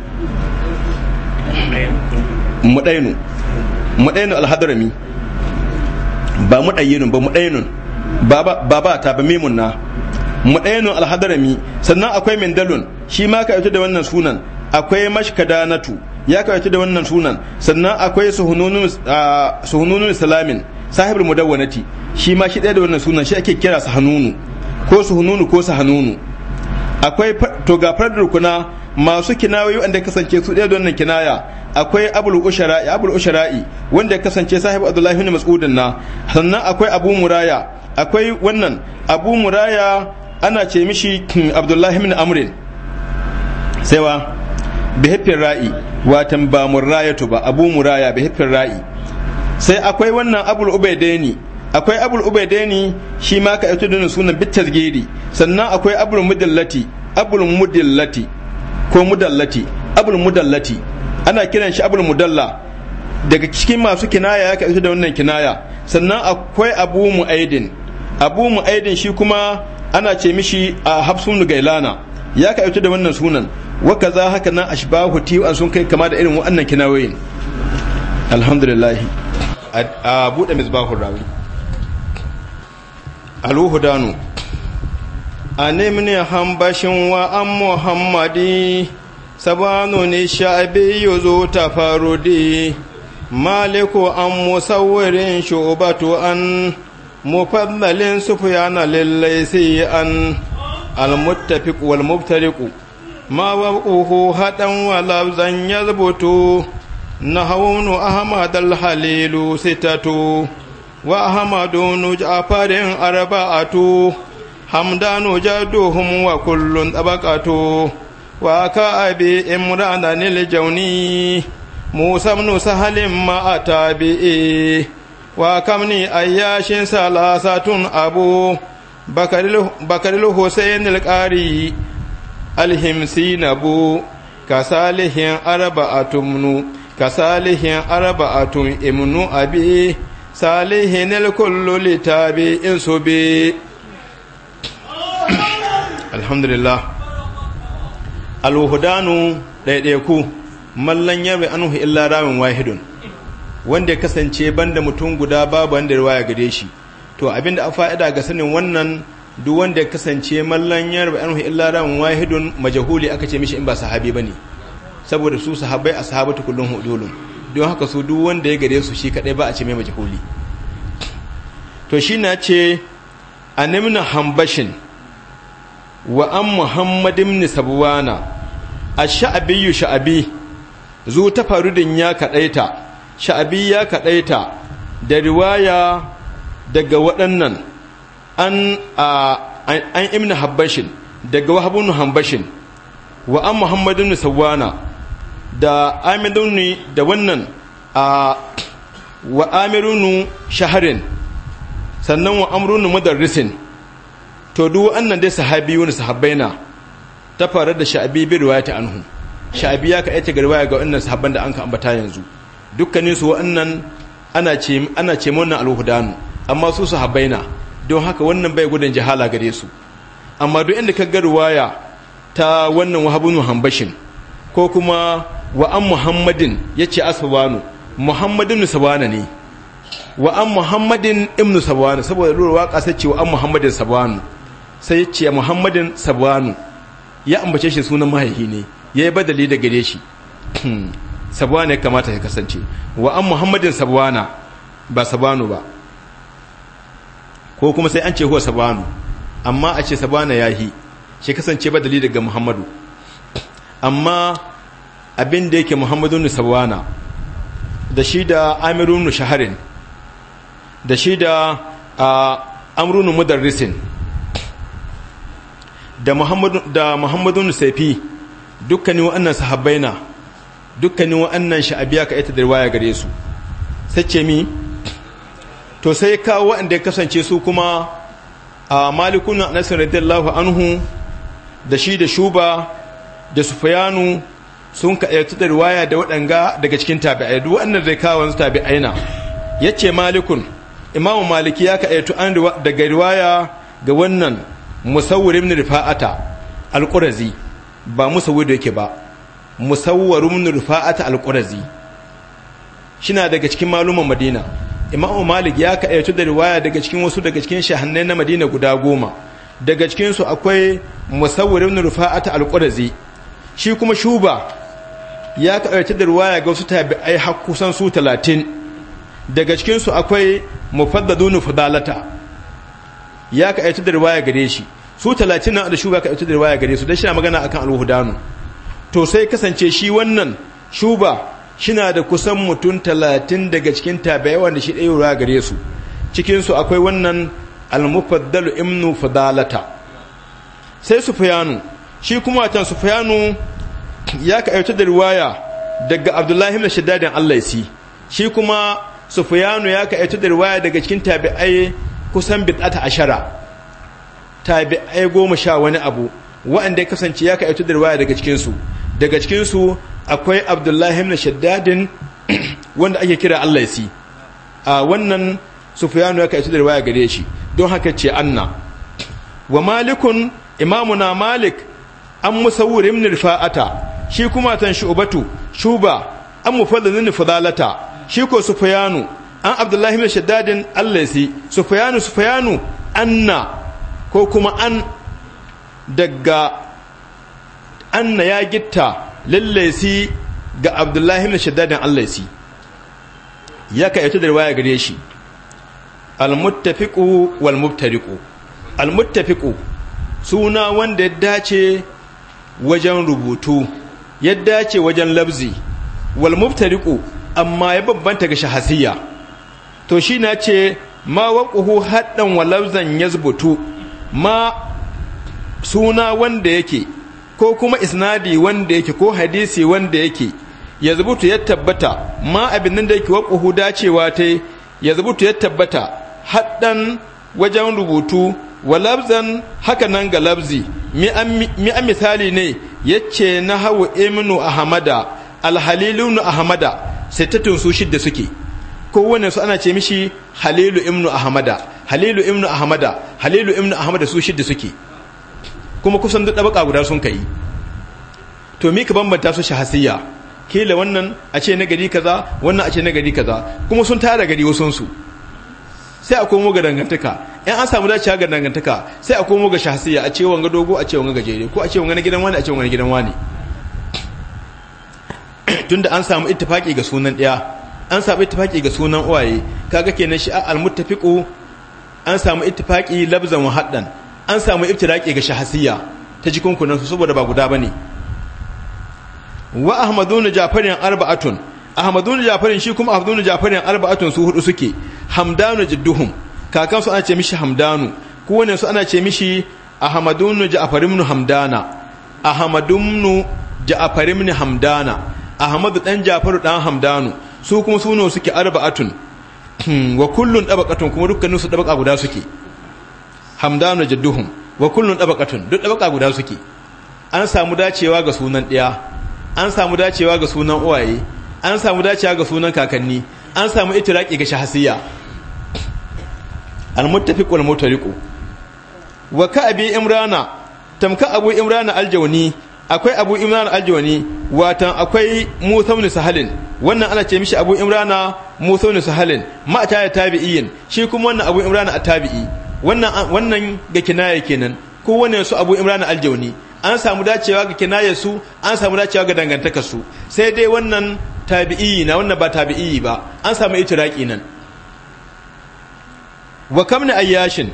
mudainu mudainu alhadarami ba mu ɗayyinun ba mu ɗayyinun ba ba ta ba mimun na mu ɗayyinun alhadarami sannan akwai mindalun shi ma ka da wannan sunan akwai mashkadanatu ya kawace da wannan sunan sannan akwai suhununun salamin sahibul mudawwanati shi ma shi ɗaya da wannan sunan shi ake kira sahanunu ko suhununu ko sahanunu akwai to ga fardar masu kinayoyi wanda kasance su ɗaya da wannan kinaya akwai abul ushara'i abul ushara'i wanda ya kasance sahibu abdullahi ibn mas'udin na sannan akwai abu muraya akwai wannan abu muraya ana ce mishi abdullahi ibn amrin saiwa bihifin ra'i watan ba murayatu ba abu muraya bihifin ra'i sai akwai wannan abul ubaidaini akwai abul ubaidaini shi ma ka ito da sunan bitas gedi sannan akwai abul mudallati abul mudallati ko mudallati abul mudallati ana kiran shi abul mudalla daga cikin masu kinaya ya da wannan kinaya sannan akwai abu mu'aidin abu mu'aidin shi kuma ana ce mishi a hafsun gailana ya kaɗu da wannan sunan waka za haka nan ashbahu an sun kai kama da irin wannan kinayoyin alhamdulillah a buɗe misbahun rawi danu a hambashin wa an muhammadi sabanun sha'abi yuzu ta farudi maliku an musawirin shubatu an mufallalin sufiyana lallai sai an almuttafiq wal muftariqu ma wa uhu hadan wa labzan yazbutu nahawnu ahmad al halilu sitatu wa ahmadu ja'farin arba'atu hamdanu jaduhum wa kullun tabaqatu waka abi imrana nil jawni musa ibn sahalin ma atabi wa kamni ayyashin salasatun abu bakarilu bakaril husayn al qari al himsi nabu kasalihin arba'atun kasalihin arba'atun imnu abi salihin al kullu litabi insubi alhamdulillah alhudanu ɗaiɗaiku mallan yabi anhu illa rawin wahidun wanda ya kasance banda mutum guda babu wanda ya gade shi to abinda a fa'ida ga sanin wannan duk wanda ya kasance mallan yabi anhu illa rawin wahidun majahuli aka ce mishi in ba sahabi bane saboda su sahabbai a sahabatu kullum hudulun don haka su duk wanda ya gade su shi kadai ba a ce mai majahuli to shi na ce a nimna hambashin wa an muhammadin sabuwana ash sha'abi sha'bi ta farudin ya kadaita sha'bi ya kadaita da riwaya daga waɗannan an an ibn habbashin daga wahabun hambashin wa an muhammadun sawwana da amidun da wannan a wa amirunu shaharin sannan wa amrunu mudarrisin to duk wannan dai sahabi wani sahabbaina ta faru da sha'abi bi riwayat anhu sha'abi ya kaita ga garwaya ga wannan sahabban da an ka ambata yanzu dukkanin su wannan ana ce ana ce wannan alhudanu amma su sahabbaina don haka wannan bai gudan jahala gare su amma duk inda ka ga riwaya ta wannan wahabun hanbashin ko kuma wa an muhammadin yace asbanu muhammadin sabana ne wa an muhammadin ibnu sabanu saboda ruwa waka sai ce wa an muhammadin sabanu sai ya ce muhammadin sabanu ya ambace shi sunan mahaifi ne ya yi badali da gare shi sabuwana ya kamata ya kasance wa an muhammadin sabuwana ba sabuwa ba ko kuma sai an ce huwa sabuwa. amma a ce sabuwana ya yi shi kasance badali daga muhammadu amma abin da yake sabuwa na. da shi da amirun shaharin da shi da ah, amrunu mudarrisin da muhammadu da muhammadun saifi dukkanin wa'annan sahabbai na dukkanin wa'annan sha'abiya ka ita da riwaya gare su sai ce mi to sai kawo wa'anda ya kasance su kuma a malikun nasir radiyallahu anhu da shi da shuba da sufyanu sun kaɗaitu da riwaya da waɗanga daga cikin tabi'ai duk wannan zai kawo wani tabi'ai na ya ce malikun imamu maliki ya ita an daga riwaya ga wannan musawwar ibn rifa'ata al-qurazi ba musawwar da yake ba musawwar ibn rifa'ata al-qurazi shina daga cikin maluman madina imamu malik ya kaɗaitu da riwaya daga cikin wasu daga cikin shahannai na madina guda goma daga cikinsu akwai musawwar ibn rifa'ata al-qurazi shi kuma shuba ya kaɗaitu da riwaya ga wasu tabi'ai har kusan su talatin daga cikinsu akwai mufaddadun fudalata ya kaɗaitu da riwaya gare shi su talatin nan da shuba ka ita da riwaya gare su don shi magana akan alwuhdanu to sai kasance shi wannan shuba na da kusan mutum talatin daga cikin tabi'ai wanda shi dai wura gare su cikin su akwai wannan almufaddalu imnu fadalata sai fayanu shi kuma su fayanu ya ka ita da riwaya daga abdullahi mai shaddadin Allah si shi kuma fayanu ya ka ita da riwaya daga cikin tabi'ai kusan bid'ata ashara ai goma sha wani abu waɗanda ya kasance ya kaitu da riwaya daga cikinsu daga cikinsu akwai abdullahi ibn shaddadin wanda ake kira Allah ya si a wannan sufyanu ya kaitu da riwaya gare shi don haka ce anna wa malikun imamuna malik an musawwir ibn rifa'ata shi kuma tan shubatu shuba an mufaddalin fadalata shi ko sufyanu an abdullahi ibn shaddadin si sufyanu sufyanu anna ko kuma an daga anna ya gitta lallaisi ga abdullahi na shaddadin allaisi ya ka yato da waya gare shi almuttafiku walmuttariku almuttafiku suna wanda ya dace wajen rubutu ya dace wajen labzi walmuttariku amma ya babbanta ga shahasiya to shi na ce mawakuhu haɗin walabzan ya zubutu ma suna wanda yake ko kuma isnadi wanda yake ko hadisi wanda yake ya zubutu ya tabbata ma abin nan da yake waƙuhu dacewa ta ya zubutu ya tabbata haɗan wajen rubutu wa labzan haka nan ga labzi mi an misali ne ya ce na hau iminu ahamada alhalilunu ahamada sai tattun su shidda suke kowane su ana ce mishi halilu imnu ahamada halilu imnu ahamada halilu imnu ahamada su shidda suke kuma kusan duk ɗabaƙa guda sun kai to mika bambanta su shahasiyya kila wannan a ce na gari kaza wannan a ce na gari kaza kuma sun tara gari wasun su sai a komo ga dangantaka in an samu dacewa ga dangantaka sai a komo ga shahasiyya a ce wanga dogo a ce wanga gajere ko a ce wanga na gidan wani a ce wanga na gidan wani tunda an samu ittifaki ga sunan ɗaya an samu ittifaki ga sunan uwaye kaga kenan shi al-muttafiqu an samu ittifaki labzan wa haddan an samu iftiraki ga shahasiya ta jikunkunan su saboda ba guda bane wa ahmadun jafarin arba'atun ahmadun jafarin shi kuma ahmadun jafarin arba'atun su hudu suke hamdanu jidduhum kakan su ana ce mishi hamdanu kowane su ana ce mishi ahmadun jafarin hamdana ahmadun jafarin hamdana ahmadu dan jafaru dan hamdanu su kuma suno suke arba'atun wa kullun dabaqatun kuma dukkanin su dabaqa guda suke hamdanu jadduhum wa kullun dabaqatun duk dabaqa guda suke an samu dacewa ga sunan ɗaya an samu dacewa ga sunan uwaye an samu dacewa ga sunan kakanni an samu itiraki ga al almuttafiq wal mutariqu wa ka abi imrana tamka abu imrana aljawni akwai abu imran aljawani watan akwai musa bin sahalin wannan ana ce mishi abu imrana musa bin sahalin ma ta ya tabi'in shi kuma wannan abu imrana a tabii wannan wannan ga kinaya kenan ko wannan su abu imrana aljawani an samu dacewa ga kinaya su an samu dacewa ga dangantaka su sai dai wannan tabi'i na wannan ba tabi'i ba an samu itiraki nan wa kamna ayyashin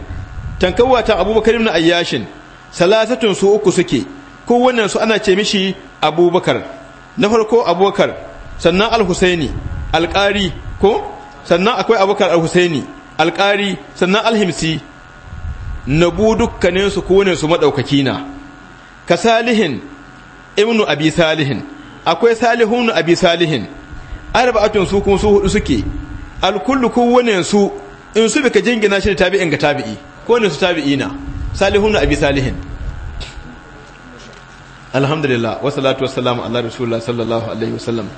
tankawata abubakar ibn ayyashin salasatun su uku suke kowannen su ana ce mishi abubakar na farko abubakar sannan al-husaini alƙari ko sannan akwai abubakar al-husaini alƙari sannan alhimsi bu dukkanin su kowannen su maɗaukaki na ka salihin imnu abi salihin akwai salihun abi salihin arba'atun su kuma su hudu suke alkullu kowannen su in su bika jingina shi da tabi'in ga tabi'i ko ne su tabi'ina salihun abi salihin alhamdulillah wasalatu wassalamu ala rasulullah sallallahu alaihi wasallam